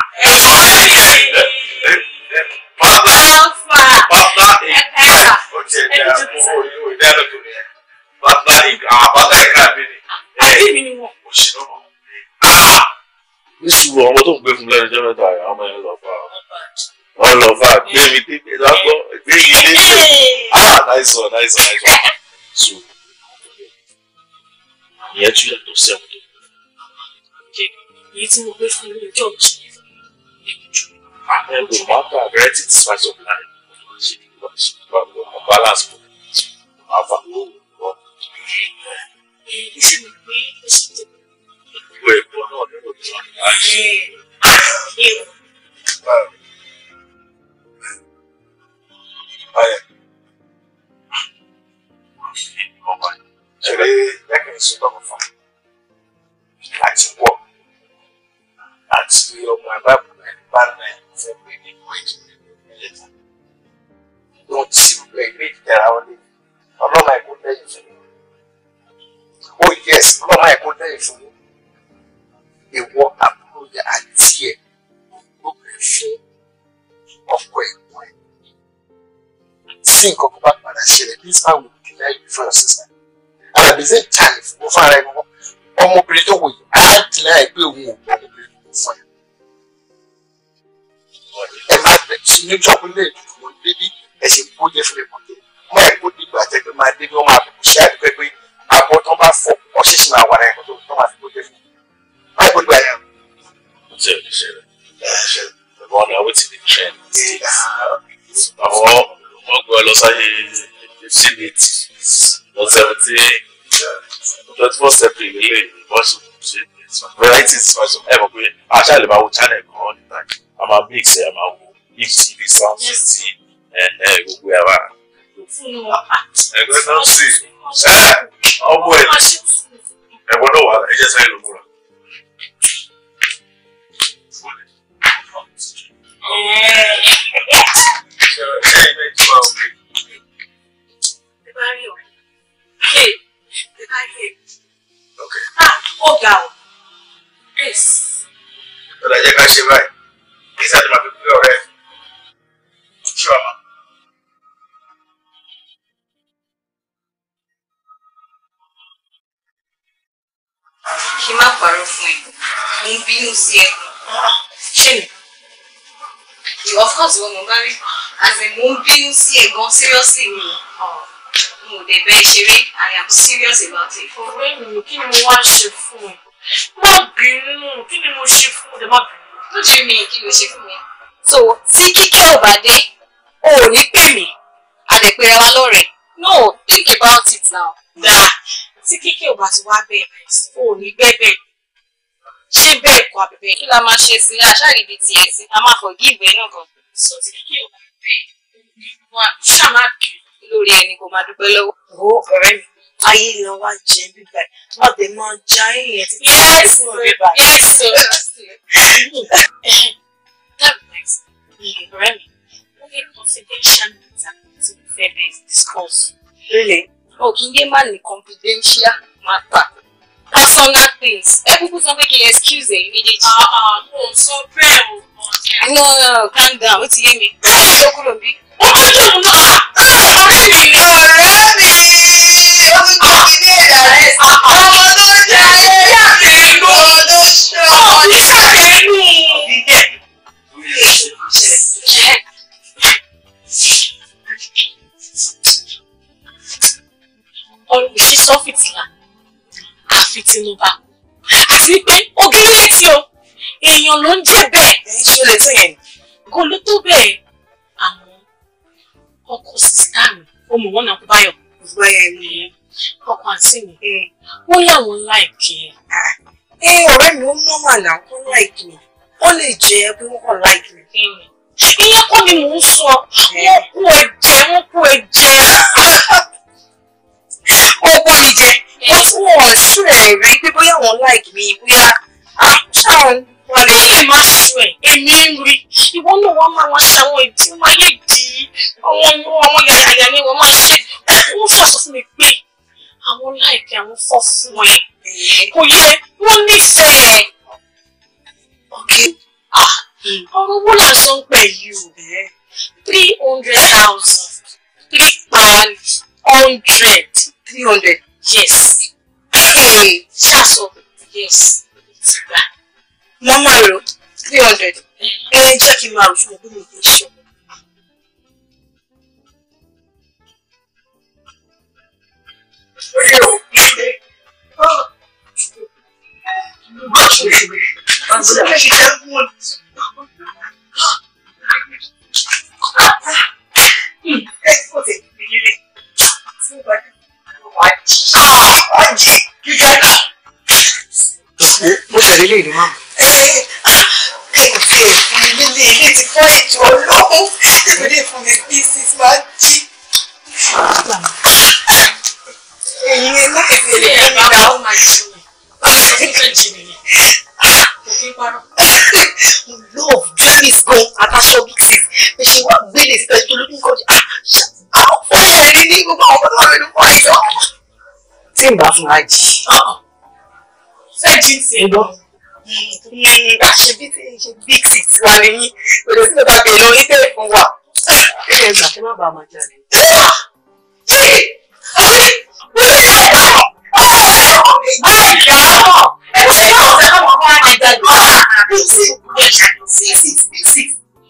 Father, Father in God, okay, there are you there to me. Father in God, and the matter of variety dispatch of life balance for alpha. Ìwé epo náà ni mo tún àṣẹ. Báyọ̀. jẹra wọlé ọlọ́mà ẹ̀kọ́ lẹ́yìn oh yes ọlọ́mà ẹ̀kọ́ lẹ́yìn fún mi ìwọ àbúrò yẹ àti ẹ̀ lóbìnrin fún ọkọ ẹ̀kọ́ ẹ̀ tí nǹkan kan bá padà ṣẹlẹ̀ please má wò ó kí láyé fún ọ sísá alábìsẹ̀ jáde fún fúnra ẹ̀ mọ́ ọmọbìnrin tó wòye á dìlà ẹ̀ pé òun ò gbọ́ ọmọbìnrin tó fún ẹ̀ ẹ má bẹ̀ sí ní jọ́pọ̀ lẹ́yìn tó wọ́n débi ẹ̀sìn máa dé bí wọ́n máa fi kú ṣáà pé pé àbọ̀ tó bá fọ ọṣẹ sì máa wà láyé kó tó máa fi kó dé fún un báyìí kó gbà yẹn. ṣe ṣe ṣe ṣe wọn náà wọ́n ti di trend àwọn olùmọ̀gbọ́ lọ sáyé fifteen eighty one seventy eight twenty four seven ilé ìbọ̀ṣù ṣe varieties ẹ mọ̀ pé àṣà lè máa wo channel kan níta a máa mix ẹ̀ a máa wo if tv sound fifteen ẹ̀ ẹ̀ gbogbo ẹ̀ máa ẹgbẹ́ náà sì ọmọ ẹ̀ ẹ̀wọ̀n náà wà ẹ jẹ́ sáyẹn ló múra. Ọ̀gá o. Ọ̀dà jẹ́ ká ṣe báyìí. Kí sáà ti máa fi kúlẹ̀ ọ̀rẹ́ ẹ̀. Ṣé wàá máa. kí n má parọ́ fún ẹ mo ń bínú sí ẹ ṣé mi of course wọn mo bá rí as in mo ń bínú sí ẹ gan seriously mi mo ò dẹ̀ bẹ́ẹ̀ ṣeré i am serious about it. ọ̀rẹ́ mi kí ni mo wá ṣe fún ẹ má bínú kí ni mo ṣe fún ẹ má bínú. lójú mi kí ló ṣe fún mi. so tí kíkẹ́ ò bá dé o ò ní pè mí a dẹ̀ pera wa lọ́rẹ̀ẹ́ no think about it now. Nah tí kíkì ò bá ti wá bẹ́ẹ̀ ò ní bẹ́ẹ̀ bẹ́ẹ̀ ṣé bẹ́ẹ̀ kọ́ abẹ́bẹ́ kí la máa ṣe sí aṣáàrí bíi tiẹ̀ sí a máa fọ̀ gíìgbé náà kan. so tí kíkì ò bá bẹ́ẹ̀ wọn ṣáà kí lórí ẹni kò máa dúpẹ́ lọ́wọ́. ó ọ̀rẹ́ mi ayé lọ wá jẹ bíbá wọn máa já èèyàn títí sí orí bá. ọ̀rẹ́ mi ó ní confidential matter to be fair best discuss man ní confidential matter personal things ẹ kúkú make pé kí n excuse ẹ̀yin Ah kò ah, sọ bẹ́ẹ̀ o. no no uh, calm down ó ti yé mi. ó kúrò bí. ó máa ń ṣòwò náà. ọ̀rẹ́ mi ọ̀rẹ́ mi ó ti jẹ́ mi ní ìdàrẹ́. ọmọ tó ń jẹ́ ayé àti ìlú. ọmọ tó ń ṣe ọmọ tó ń ṣe ìlú. olùṣíṣọ́ fìtílà àfitinúbà àti wípé ògiri létí o èèyàn ló ń jẹ́ bẹ́ẹ̀. ṣó lè tó yẹn. kò ló tó bẹ́ẹ̀ àmọ́ ọkọ sísítà mi ó mọ̀ wọ́n náà kó báyọ̀. báyọ̀ ni ọkọ àǹtí mi wọ́n hmm. láwọn láìkì ẹ̀. ẹ ah, eh, ọ̀rẹ́ mi ó nọ́mà náà kó láìkì mi ó lè jẹ́ pé wọ́n kàn láìkì mi. Hmm. ìyẹn kọ́ ni mò ń sọ eh. wọ́n kú ẹ̀jẹ̀ wọ́n kú ẹ̀jẹ̀. Ah ó bọ́ mi jẹ wọ́n tún wọ̀ ṣú ẹ̀ rí pé bóyá wọ́n láìkí mi bóyá ṣáwọn wọlé ilé máa ṣú ẹ̀ èmi ń rí ìwọ náà wọ́n máa wọ́n ṣàwọn ìdíwọ́ ayé dì í àwọn ọmọ yàrá yàrá ni wọ́n máa ṣe wọ́n ṣàṣọ fún mi pé àwọn láìpẹ́ àwọn fọ́ fún ẹ mm-hmm. kò yẹ wọ́n nífẹ̀ẹ́ ah, ọ̀rọ̀ owó làásán pẹ̀ yìí mm-hmm. o three hundred thousand three pounds hundred. three hundred. yes. ṣáṣọ. yes. Mama, wọ́n máa rò three hundred. Mm. ẹ jẹ́ kí show. máa rò fún ogún mi kì í ṣe. Thank wájì kíkẹ́ náà. mo tẹ̀lé ilé ìlú máa. kẹ̀kẹ́ fún mi nílé ilé ti kọ́ ẹ̀jọ̀ ọlọ́run ìbílẹ̀ fún mi bí six máa jí. ẹ̀yin ẹ̀ má kẹ̀kẹ́ lè fún mi náà. Love, this is going at a show. She was very special looking good. Ah, ó ṣe rí ní gbogbo àwọn ọmọdé wọn lórí wọn yọ. tí n bá fún wa jì. ṣé jí ń sìn lọ. a ṣe bí tí ṣe big six wa ni yín kò lè sí bàbá bèèrè orí tẹ̀ fún wa. ṣé ẹ gbà kí má bàa máa jalè. Six, six, six.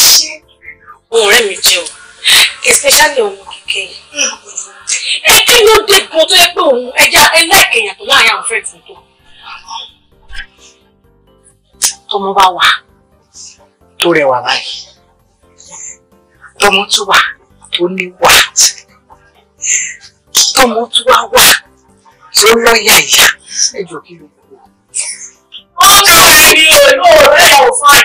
iṣẹ́ òun ọ̀rẹ́ mi jẹ́ o especially ọmọ kékeré ẹ kí ló dé gan tó yẹ pé òun ẹja ẹlẹ́kẹ̀yà tó láàyè àwọn fẹ́ẹ̀ tuntun tọmọ bá wà tó rẹwà báyìí tọmọ tó wà tó ní wà tọmọ tó wà wà tó lọ́yà ìyá ẹjọ́ kí ló kú. ó ká ẹ̀rí olóòrẹ́ ọ̀fáì.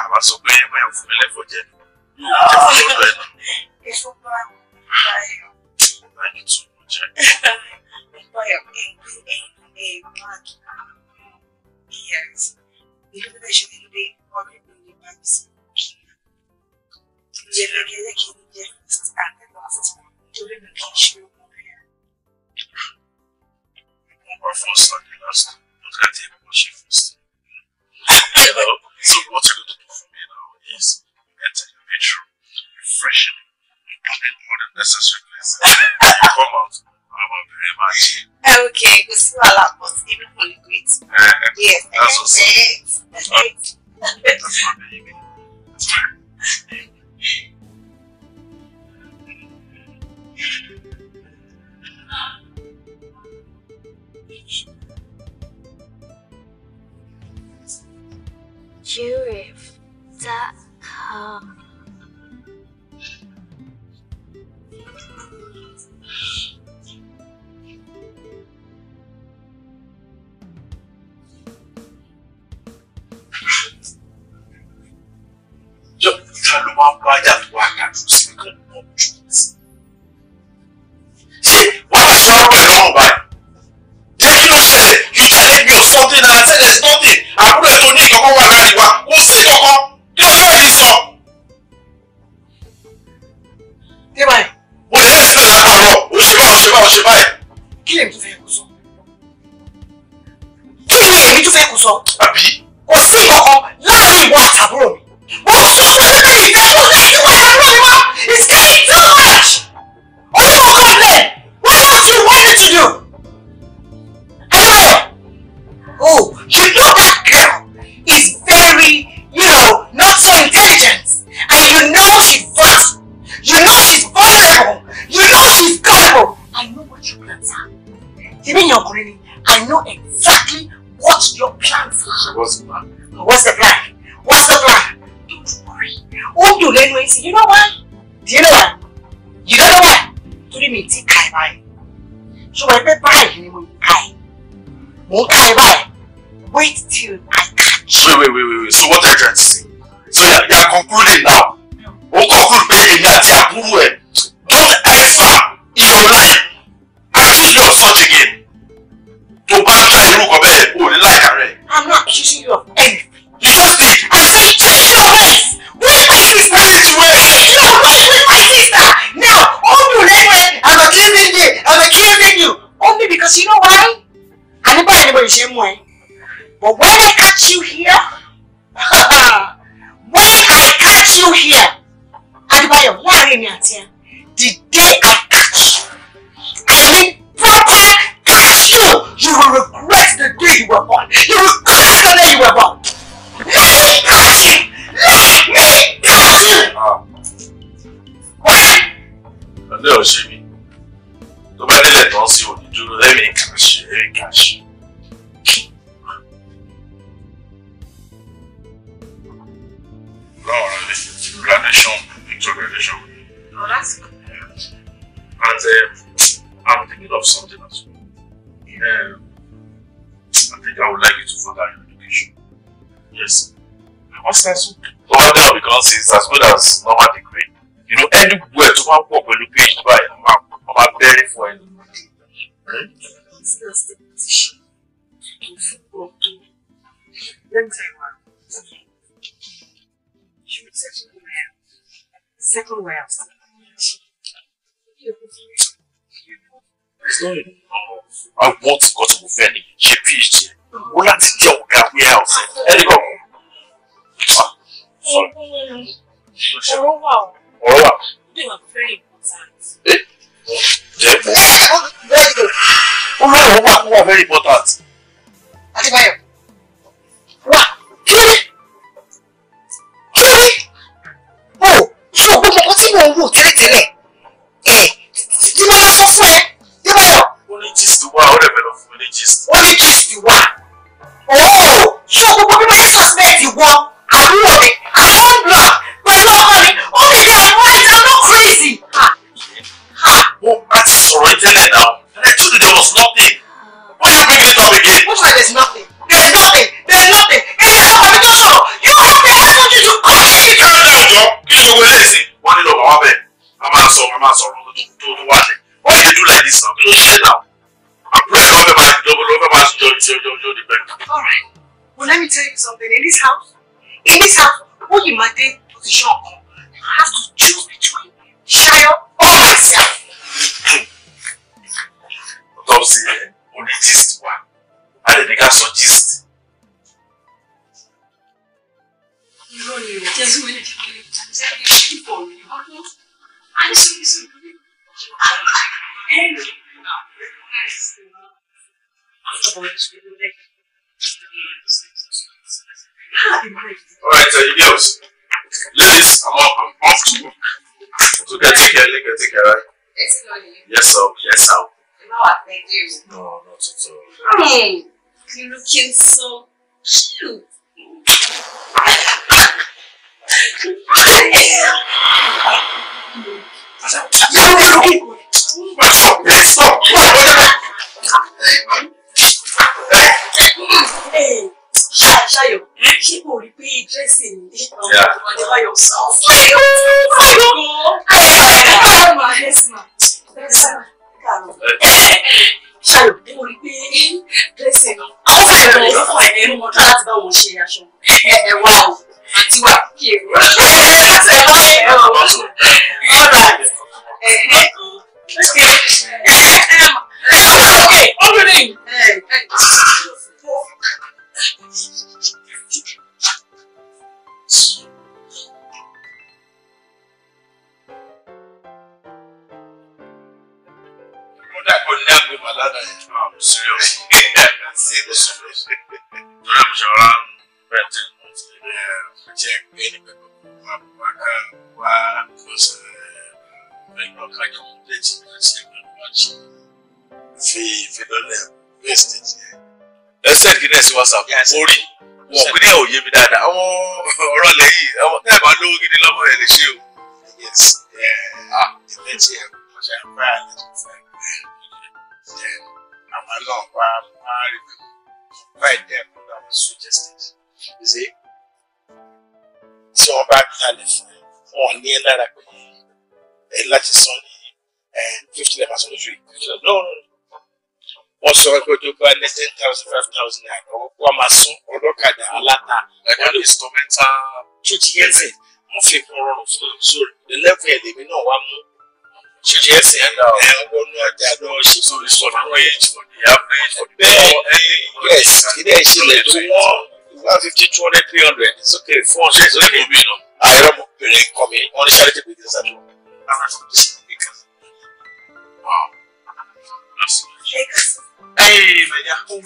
àwa sọ pé ẹ̀mọ́ ẹ̀ fún mi lẹ́fọ́ jẹ́ ẹ̀fọ́ bá ẹ̀fọ́ bá ẹ̀yọ́ tó ń jẹ́. ẹ̀fọ́ ẹ̀yọ́ ẹ̀yọ́ So what you're going to do for me now is enter your bedroom, refreshing, it, all the necessary things, you come out, I'm a very much eh, Okay, go see what I but even holy eh, great. Yes, that's what's ah, it. That's my baby. That's my baby. jurif.com. Yóò fẹ́ ló máa confusão. Let me tell you one. She would say, I want to go to Mufeni. She PhD. We'll have to deal with her where else. sorry. Ọ̀rọ̀ wà o. Ọ̀rọ̀ wà. very important. Eh? Jẹ́ bọ̀. Very good. Ọ̀rọ̀ wà wà mò wò tẹ́lẹ̀tẹ́lẹ̀ All right, you girls. Ladies, I'm off. I'm off to work. So get take care, take care, take care, right? Excellent. Yes, sir. Yes, sir. No, thank you. No, not at all. Hmm. You're looking so cute. Stop! Stop! Hey! ṣàṣàyọ ṣé kò rí pé dírẹ́sì ní ọmọdé wáyọ sọ. fáyọ fáyọ káàmù àhẹsìmà ṣàyọ kò rí pé dírẹ́sì náà. àwọn fàyọ̀ ló fọ ẹ̀rù mọ́tò láti bá wọn ṣe aṣọ ẹ̀ wá o àti wá kí èrò. àti ẹ̀ wá ẹ̀ ọ̀rọ̀ ẹ̀hẹ́ ẹ̀hẹ́ Okay, ọ̀gbìn. Kódà kò ní àgbo bàládà yẹn. I'm serious. I can see the serious. Torí àmì ṣọ̀rọ̀ bẹ́ẹ̀ tí mo ti rí jẹ́ pé ní pẹ̀lú wà wà ká wà kó sẹ́ pẹ̀lú ọ̀kájọ́ méjì àti ìgbàlódé fi ìfìdọ́lẹ̀ wíṣítì jẹ́ ẹ sẹ́ẹ̀dì náà sí whatsapp orí wọn kò ní ẹ̀ òye mi dáadáa àwọn ọ̀rọ̀ lẹ́yìn àwọn tẹ́ ẹ̀ bá lówó gidi lọ́mọ ẹ̀ lè ṣe o. Màmá náà wá máa rí mi right there with our suggested. You see? Tí wọ́n bá kalẹ̀ fún ẹ, wọn ní ẹ lára pé ẹ láti san ní fifty level sọ́dọ̀ three. No, no, no wọ́n sọ pé tó bá ní ten thousand five thousand naira wọ́n máa sún ọlọ́kadà aláta wọ́n lè sọ mẹ́ta tó ti yẹ ẹsẹ̀ wọ́n fi kún rọrùn fún sórí lẹ́fún ẹ̀dẹ̀mí náà wá mú ṣèṣe ẹsẹ̀ ẹ̀ ń wọnú ọjà lọ ṣe sórí sọ̀rọ̀ àwọn èjì bẹ́ẹ̀ bẹ́ẹ̀ ilé ìṣẹ̀lẹ̀ tó wọ́n one fifty two hundred three hundred it's okay Four hundred. ìṣẹ̀lẹ̀ mi bí nù àìrọ̀ mo bèrè nǹkan mi wọ́n ní charity business àjọ. Wow. That's Hey, you. I don't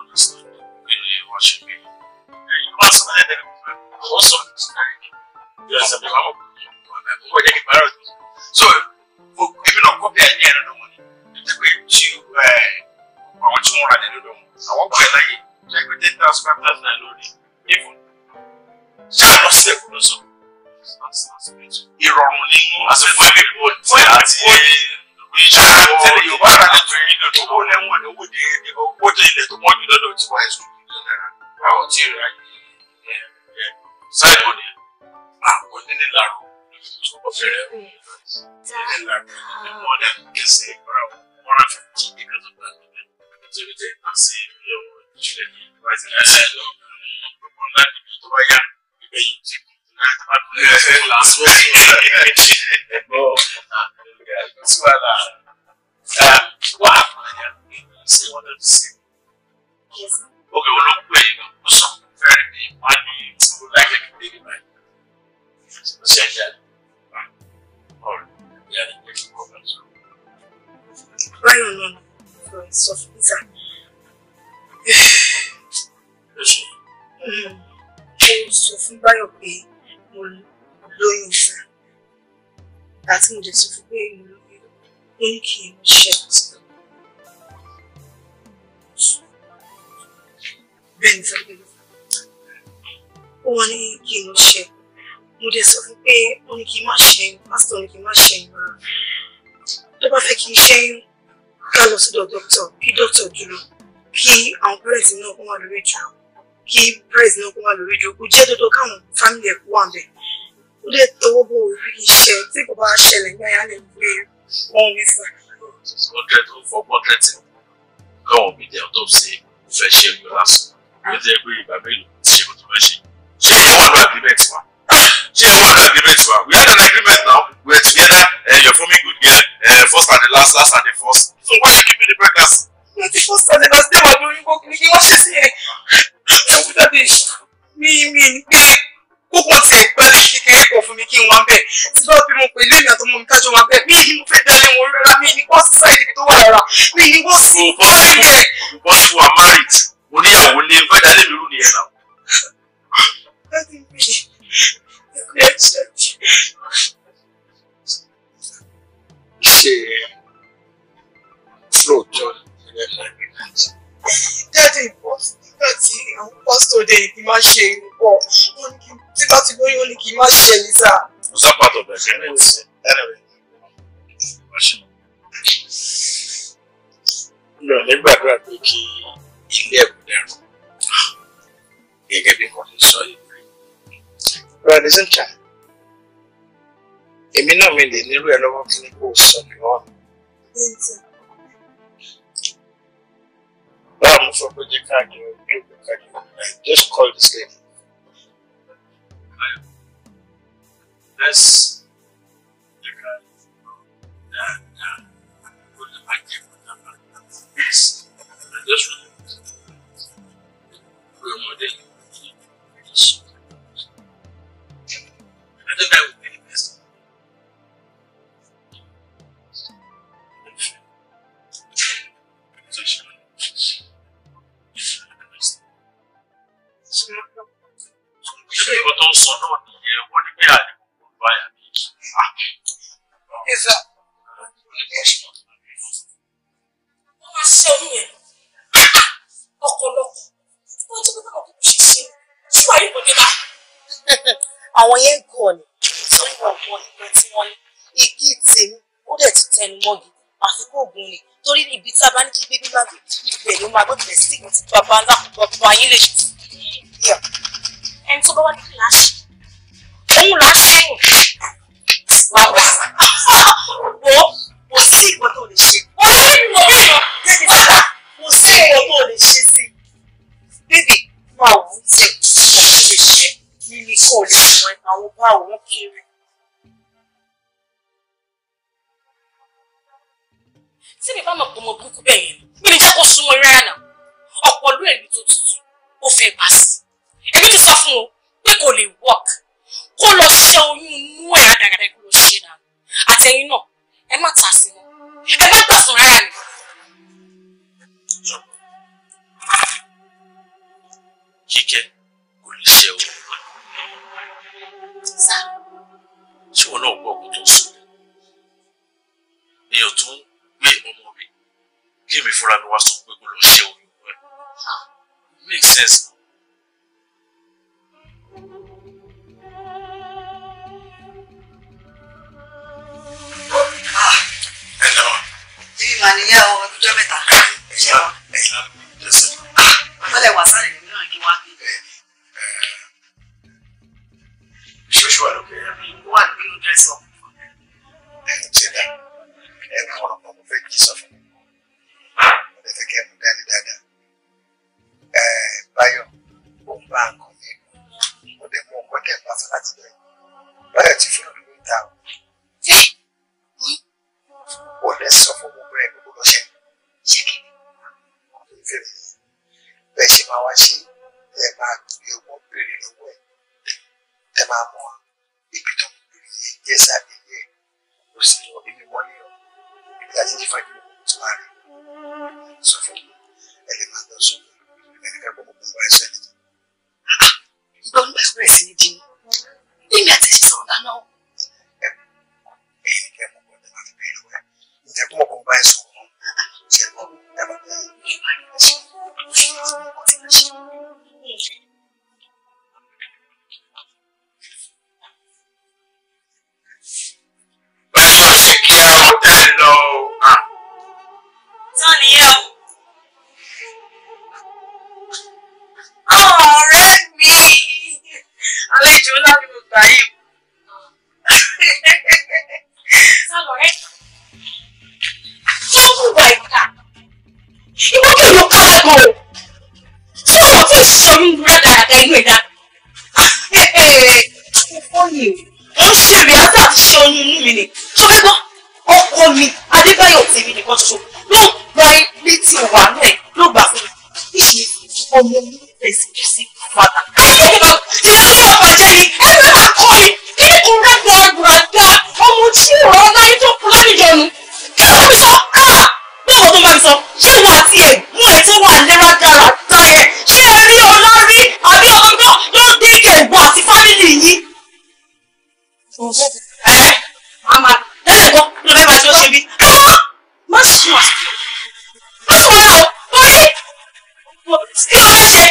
understand really what she You must have had also You are something about people if you don't copy any other money, it's a to, uh, I want to run into them. I want to like, like, with 10,000 pounds, I know it. Even. So, I must say, ìrọ̀rùn ní fún ẹbí bò tí àti ìjọ àtẹlẹ yorùbá ara ní tó tó wọ lẹ́wọ̀n ní owó dé owó dé ilẹ̀ tó wọ́n jù lọ́dọ̀ tí wọ́n ẹ̀sùn ìlú náírà àwọn tí ìrìn àyè ẹ̀ ṣáìbò ni àwọn nílé làrú ọ̀fẹ́rẹ́ nílé làrú ní wọ́n lẹ́ kẹsì ìgbà wọn á fi kí ìgbà tó gbà lọ́dẹ̀ nítorí tẹ̀ náà sí ìlú ọ̀rọ̀ ìjìnlẹ̀ ní ìwádìí ẹ̀ṣẹ̀ Okay, well, look where you go. Some very big money to like a big man. So, say that. All right. Yeah, the big problem. Why not? For yourself, Lisa. Listen. Mm-hmm. Ó sọ fún Báyọ̀ pé mo lóyún fún un àti mo dẹ̀ sọ fún pé mo lóyún ó ní kí n ṣe àtúntò. bẹ́ẹ̀ ni sọ́kè ló fà ó wọ́n ní kí n ṣe mo dẹ̀ sọ fún pé ó ní kí n má ṣe pásítọ̀ ní kí n má ṣe ìmọ̀ràn tó bá fẹ́ kí n ṣẹ́yún ká lọ sọ́dọ̀ dókítà kí dókítà dúró kí àwọn pẹ́rẹ́ǹtì náà kó wà lórí ìdúró kí price náà kó wà lórí ìjókòó jẹ́ dandan káwọn family ẹ̀ kó wà bẹ̀ ó lè tọwọ́ bọ̀ orí iṣẹ́ tí kò bá ṣẹlẹ̀ gbá yálẹ̀ gbé wọn ní sà. tó fọ́ pọ́kẹ́tì káwọn òbí jẹ́ tó ṣe fẹ́ ṣe é lásán ó jẹ́ pé ìgbà mélòó ṣe kó tó fẹ́ ṣe ṣé ìyẹn wà ní agreement wa ṣé ìyẹn wà ní agreement wa we had an agreement now we are together uh, you're forming good girl uh, eh, first and the last last and the first so why you give me the pregnancy. twenty first and the last day wà lórí gbogbo kí ṣe sí yẹn ṣùgbọ́n dábì mi mi pé kókò tí ẹ gbálẹ̀ kékeré kan fún mi kí n wá bẹ̀ tí bá bí mo pè lé ìyàtọ̀ mo kájọ wá bẹ̀ mí ni mo fẹ́ dálé wọn rárá mí ni wọ́n sísá ìdíbi tó wà rárá mí ni wọ́n sí ìdílé. bọ́sù bọ́sù wà máàrìt oníyàwó lé fẹ́ dálé mi dé yìí kí n má ṣe pọ̀ tí bá ti lóyún ó ní kí n má ṣe yìí sá. was that part of the agreement anyway. lọ nígbàdúrà pé kí ilé ẹ̀kọ́ dẹrùn gẹ́gẹ́ bí wọ́n ti sọ ìlú rẹ̀. brother zinka èmi náà mi lè nílò ẹ lọ́wọ́ kí ni kò sọ mí wọ́n. báwo mo sọ pé jẹ́ káàkiri ojú I just call this lady. Let's look at the the Yes. I just want to ibi tí a bá ní kí bébí máa gbé ló máa gbọ́dọ̀ sí ìgbà tí bàbá ńlá bàbá ayé lè ṣe ẹni tó bá wà ní kò lè work kó lọ ṣe oyún inú ẹ̀ rádaràdà kó lọ ṣe dànù àtẹ̀yìn náà ẹ má tà sí wọn ẹ má gbà fún rárá ni. jíjẹ kò lè ṣe o. tí wọn náà gbọ́ ọkùnrin tó ń sùn èèyàn tó ń gbé ọmọ mi kí èmi fúnra mi wá sọ pé kó lọ ṣe oyún ẹ make sense ẹ o ọdúnjọ mẹ́ta ṣe wá wọ́n lẹ̀ wá sáré nínú àgbẹ̀ wá bí. ṣé oṣù wà lókè rẹ̀ ó wà lókè ojú ẹ̀sọ́. ẹ ń ṣe dá ẹ ń fọ̀rọ̀ pọ̀ mo fẹ́ jí sọ fún mi mo lè fẹ́ kẹ́ mú dání dáadáa. ẹ báyọ̀ ó ń bá nǹkan mi mo lè mú ọkọ̀ dẹ̀ pàtó láti bẹ̀rẹ̀ báyọ̀ ti fún olùwé ta o. ó sọ fún máa wá ṣe ẹ máa gbé ọwọ́ bèrè lọ́wọ́ ẹ ẹ máa mọ ibi tó ń bèrè yẹ yẹ sábẹ́ yẹ kò sí lọ ibi mọ́lẹ̀ ọ ibi àti ìfàdí tó wà rẹ sọ fún mi ẹ lè máa lọ sọ ẹ lè ká gbogbo ọgbà ẹsẹ ẹ nìkan. ìgbà ń bẹ̀rẹ̀ sí ní dín èmi àti ṣe sọ̀rọ̀ lánàá. ẹ ẹ ní kẹ́ ẹ mọ̀ pé ọ̀dọ́ máa fi bẹ̀rẹ̀ lọ́wọ́ ẹ ǹjẹ́ kó mọ̀ pé ọgbà ẹ sọ̀rọ̀. Bahia. ẹnu ẹ̀dá mo ń ṣèrè ẹ́sà ti ṣe oyún inú mi ni tó fẹ́ gbọ́ ọkọ mi adébáyọ̀ tèmi nìkan ṣoṣo ló gba ilé tí ò wà náà ló gbà fún mi ìṣe ọmọ mi fèsì sí padà. ayé mi lọ ti ayé ọ̀bàjẹ́ ni ẹ̀rọ máa kọ́ mi kíni kò rẹ́pọ̀ àgbàdá ọmọ tí ò rọ́ láyé tó kú lálejòónú kí ló mi sọ ah! báwo tó bá mi sọ ṣé ìwọ àti ẹ̀gbọ́n ẹ̀ tó wà lẹ́rà dára. mo fẹ́. ẹ màmá tẹ́lẹ̀ kan ló fẹ́ máa ṣe ó ṣe bí. má sùn wá má sùn wá lọ bóyá kí ló fẹ́ ṣe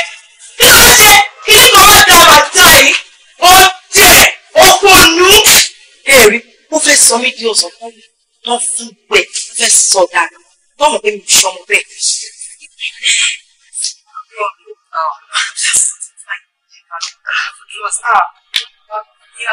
kí ló fẹ́ ṣe kí ni mo wá dáa bàtà yìí ó jẹ òpònú. èrè ó fẹ́ sọ mí di ọ̀sán kan tó Ah, Mo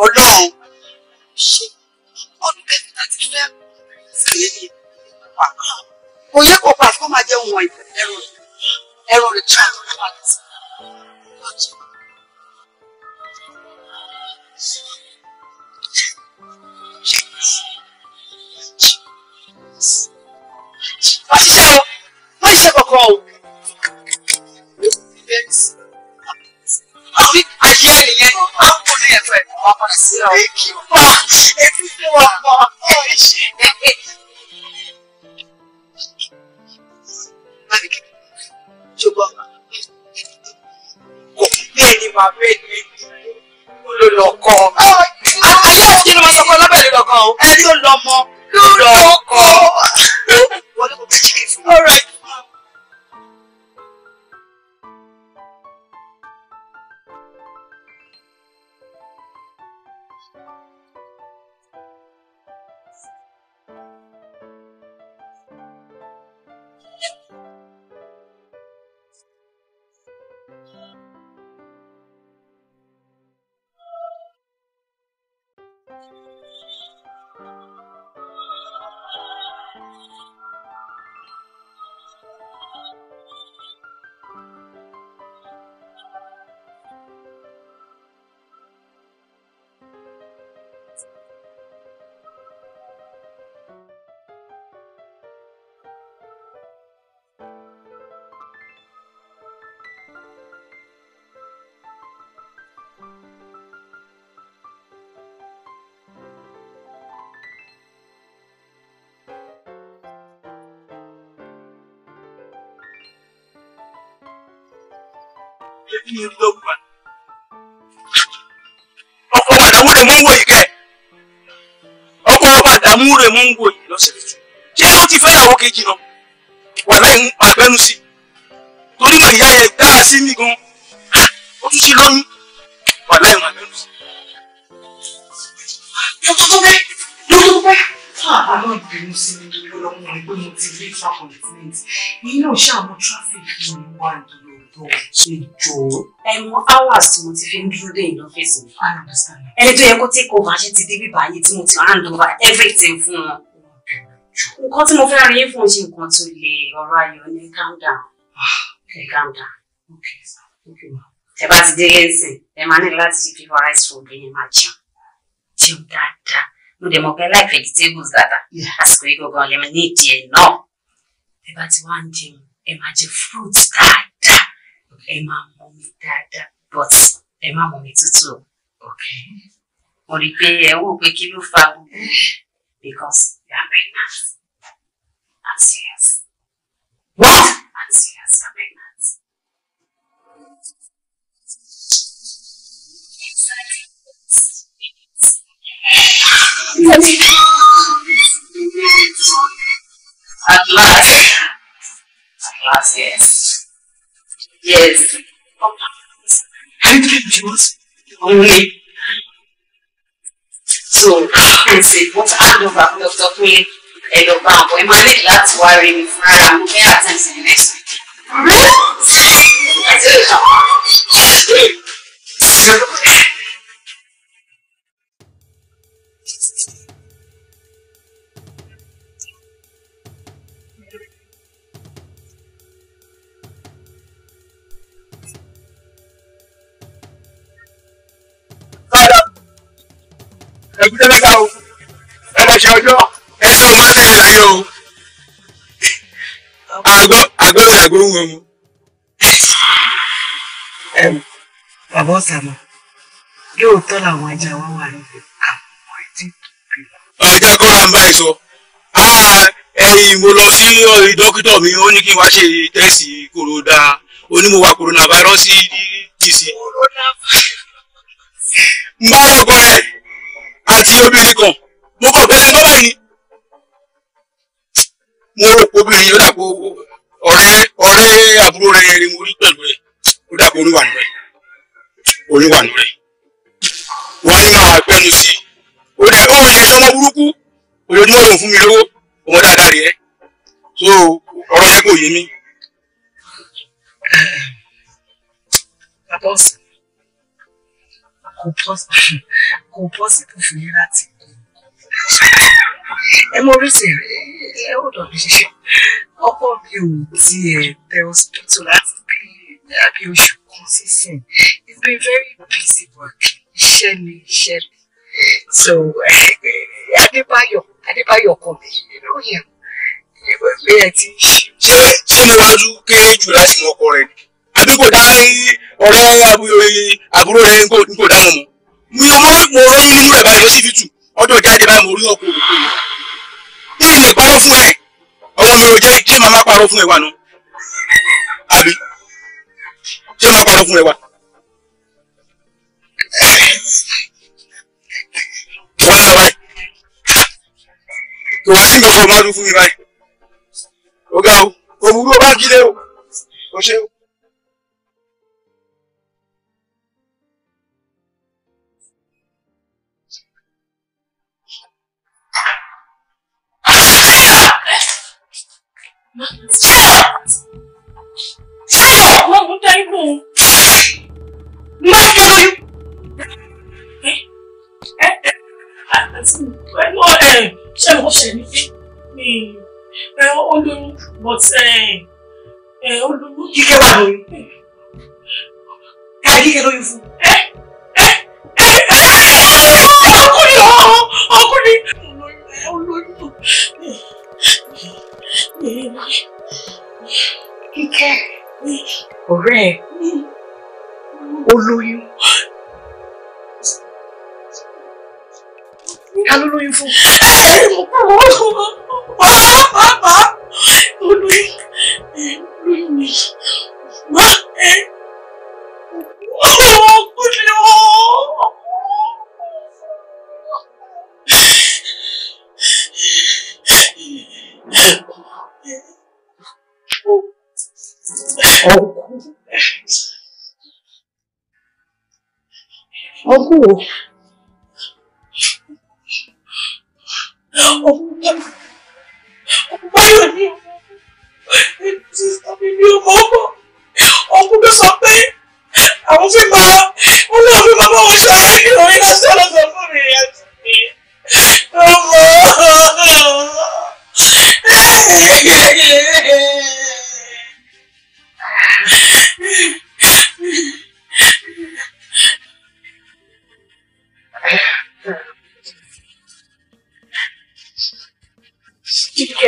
ọlọ́run ṣe ọdún kẹfì láti fẹ́ sílẹ̀ pa kò yẹ kó pa kó máa jẹ ohun ọ̀yẹ́ ẹ̀rọ ẹ̀rọ rẹ̀ tó àtọ́jú àti ìlú. wọ́n ṣiṣẹ́ o wọ́n ṣiṣẹ́ kọ̀ọ̀kan o. àbí ayé ẹ̀yẹn á kó ní ẹ̀fẹ̀ ọmọ sí ọ. èkì pa èkì fún ọmọ ẹ̀ ṣe. ṣùgbọ́n kò bẹ́ẹ̀ ni màá bẹ́ẹ̀ ni ó ló lọ kọ́ sọ pé ọlọ́bẹ̀ ló lọ kọ́ ẹ wọlé kò bẹ́ẹ̀ ṣe kí fún mi. kí ni irú lọ́wọ́ wa. ọkọ wa dàmú rẹ̀ mú wò yìí kẹ́ ọkọ wa dàmú rẹ̀ mú wò yìí lọ́sibítù ṣé ó ti fẹ́ yàwó kejì náà wà láì ń pa abẹ́nu sí torí náà ìyá yẹn dára sí mi gan ah, ó tún ṣe lóyún wà láì ń pa sí. ọkọ tó bẹ́ẹ̀ mo ti rí traffic jọ ṣe jọ ẹ̀wọ̀n hours tí mo ti fi ń dúró dé ìlú ọ́fíìsì mi. ẹni tó yẹ kó take over ṣe ti débi báyìí tí mo ti hand over everything fún wọn. nǹkan tí mo fẹ́ rí fún ṣe nǹkan tó le ọ̀rọ̀ ayọ̀ ní calm down ẹ calm down. ẹ bá ti dé ẹ̀sìn ẹ máa ní láti ṣe favour rice food yẹn máa jẹun jẹun dáadáa mo dẹ̀ mọ̀ pé like vegetables dáadáa àsìkò yìí gangan lè ní ìdí ẹ̀ náà ẹ bá ti wá ń jẹun ẹ máa jẹ fruit dáadáa ẹ máa mú but ẹ má mú mi mo rí i pé ẹ wò pé kí fa because you are pregnant I'm serious. What? I'm serious, I'm pregnant. At last. At last, yes. Yes. And it was only. So, n say, mo hand over Dr. Queen ẹ̀dọ̀ bá àbọ̀ ẹ̀ máa ní láti wá rí mi fún ara mo fẹ́ the next week. sàmọ lóòótọ́ làwọn ajá wa wà níbẹ̀ àwọn etí tó bí wọn. ọjà kọ́ra ń báyìí sọ ẹ̀yìn mo lọ sí dókítà mi ó ní kí n wá ṣe tẹ́sì kòròdà onímọ̀wá coronavirus tìsí. n bá ọkọ ẹ àti obìnrin kan mo kàn bẹ́ẹ̀ mọ́ báyìí mo rò pé obìnrin yóò dàpọ̀ ọ̀rẹ́ ọ̀rẹ́ àbúrò rẹ̀ ni mo rí pẹ̀lú ẹ̀ ó dàpọ̀ oníwà níbẹ̀ oyún wà lórí wọn ní máa gbẹnu sí ó dẹ ó rẹ ọmọ burúkú ojoojúmọ́ ló fún mi lówó ọmọ dáadáa rèé so ọ̀rọ̀ yẹn kò yé mi. bàbọ́sì kò fún mi láti ẹ mọ oríṣi rẹ ẹ ò dọ̀ mi ọkọ mi ò tiẹ̀ tẹ hospital láti bí oṣù consistent. He's been very busy working. Shelly, Shelly. So, Adebayo, Adebayo Kobe, you know him. He was very teaching. Ṣé mo wá tún kéré jù láti mọ ọkọ rẹ̀ ni? Àbí kò dá ọ̀rẹ́ àbúrò rẹ̀ ní kò dáhùn mu? Mi ò mọ̀ mo rọ́yún nínú rẹ̀ báyìí ló sì fi tù. Ọdún ìjáde báyìí mo rí ọkọ òkú. Ní ìlè parọ́ fún ẹ, ọmọ mi ò jẹ́ kí màmá parọ́ fún ẹ wà nù. Àbí? ṣé wàá padà kún rẹ wá. wàhálà báyìí kò sí nǹkan máa dún fún mi báyìí ó o òmùrú bá gílé o ó ṣe o. What? tẹ́kù. Má jẹ́ lóyún. Ṣé mo ṣe ní mi olóyún eh, but olóyún eh, eh, kíkẹ́ wà lóyún? Ká kíkẹ́ lóyún fún. Ọkùnrin ọkùnrin ọ̀rẹ́ ẹ̀ olóyún ká ló lóyún fún. olóyún olóyún mi. ọkú ọkú wo ọkú báyọ̀ ni sísá mi ní ọmọ ọmọ ọkú ló sọ pé àwọn fi bá wọn náà fi bàbá wọn ṣe ayé ní orí náà ṣẹlẹ̀ sọ fún mi àti mi ọmọ.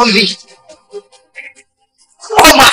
kọ́ mi wọ́n máa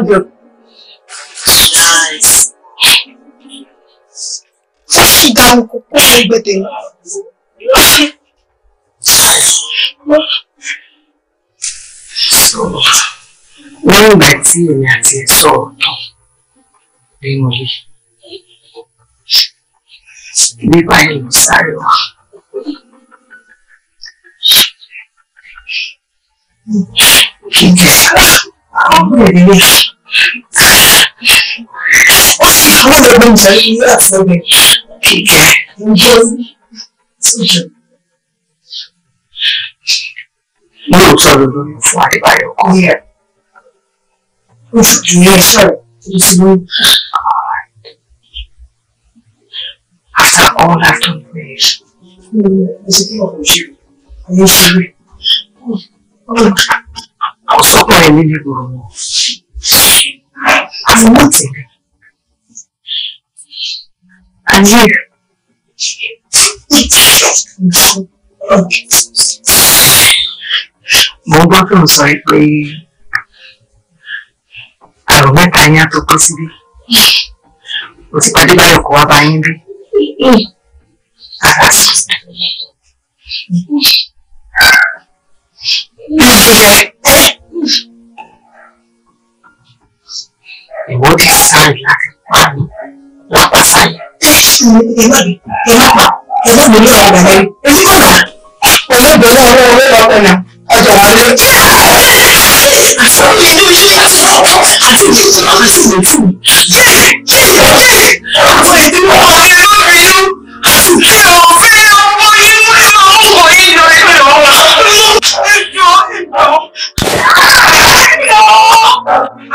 love you. Nice. Sai da ku ko So, wọ́n gbà tí èmi àti ẹ̀ sọ̀rọ̀ tán nínú ilé. Ní báyìí lọ sáré wá. Kí n tẹ̀sán àwọn After all I've done for you, I'm going to go you. I'm going to go to kò sọ́kàn rẹ̀ nínú ìgboro wọn àti wọ́n ti rẹ̀ ayé rẹ̀ mo gbọ́ tó ń sọ pé àrùn mẹ́ta yín á tó kó síbí o ti pàdé báyọ̀ kó wá bá yín rí ara sí. ìwọ ti sáyìn láti pa mí lápá sáyìn. Ẹgbẹ́ mi ní ọ̀rọ̀ gbàgbé, èmi kò gbà, òwe bẹ̀rẹ̀ ọwọ́ òwe lọ́pẹ̀ náà, ọjọ́ wa ló jẹ́. Àṣọ mi ní ojú àti ọkọ̀ àti ìdíjọ́ àti ìdíjọ́. Bẹ́ẹ̀ bẹ́ẹ̀ àwọn ìdíwọ́ ọ̀rẹ́ lórí inú àti ìdíjọ́ ọ̀rẹ́ ọmọ inú nínú ọmọ yìí lórí ọmọ. Ẹjọ́ ọmọ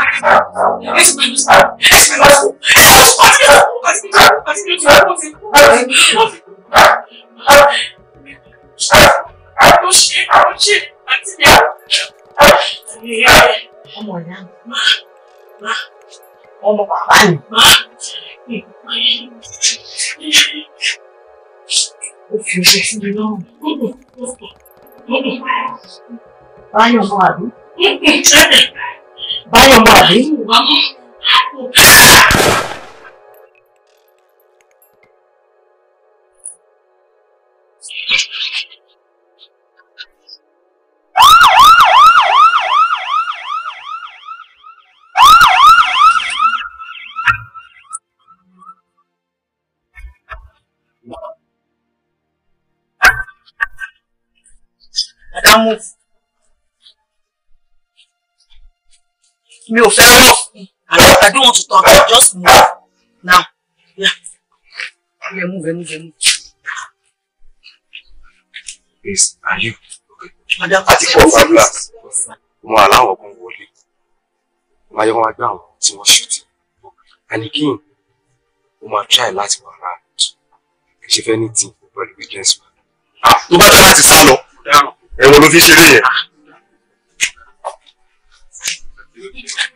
ìyá mi báyọ̀ máa dé. Adamu mi ò fẹ́ rough and I don't want to talk just move now yeah yeah move yeah move yeah move. Please, are you okay? Madam, I think we're fine. Mo aláwọ̀ kan wọlé. Máa yọ wá gbé àwọn tí wọ́n And tí. Anikin, mo máa try láti wà rà. Kì í ṣe fẹ́ ní tí pẹ̀lú weakness. Ah, tó bá tọ́ láti sá lọ, ẹ̀wọ̀n ló fi ṣeré yẹn. Ah. Thank you.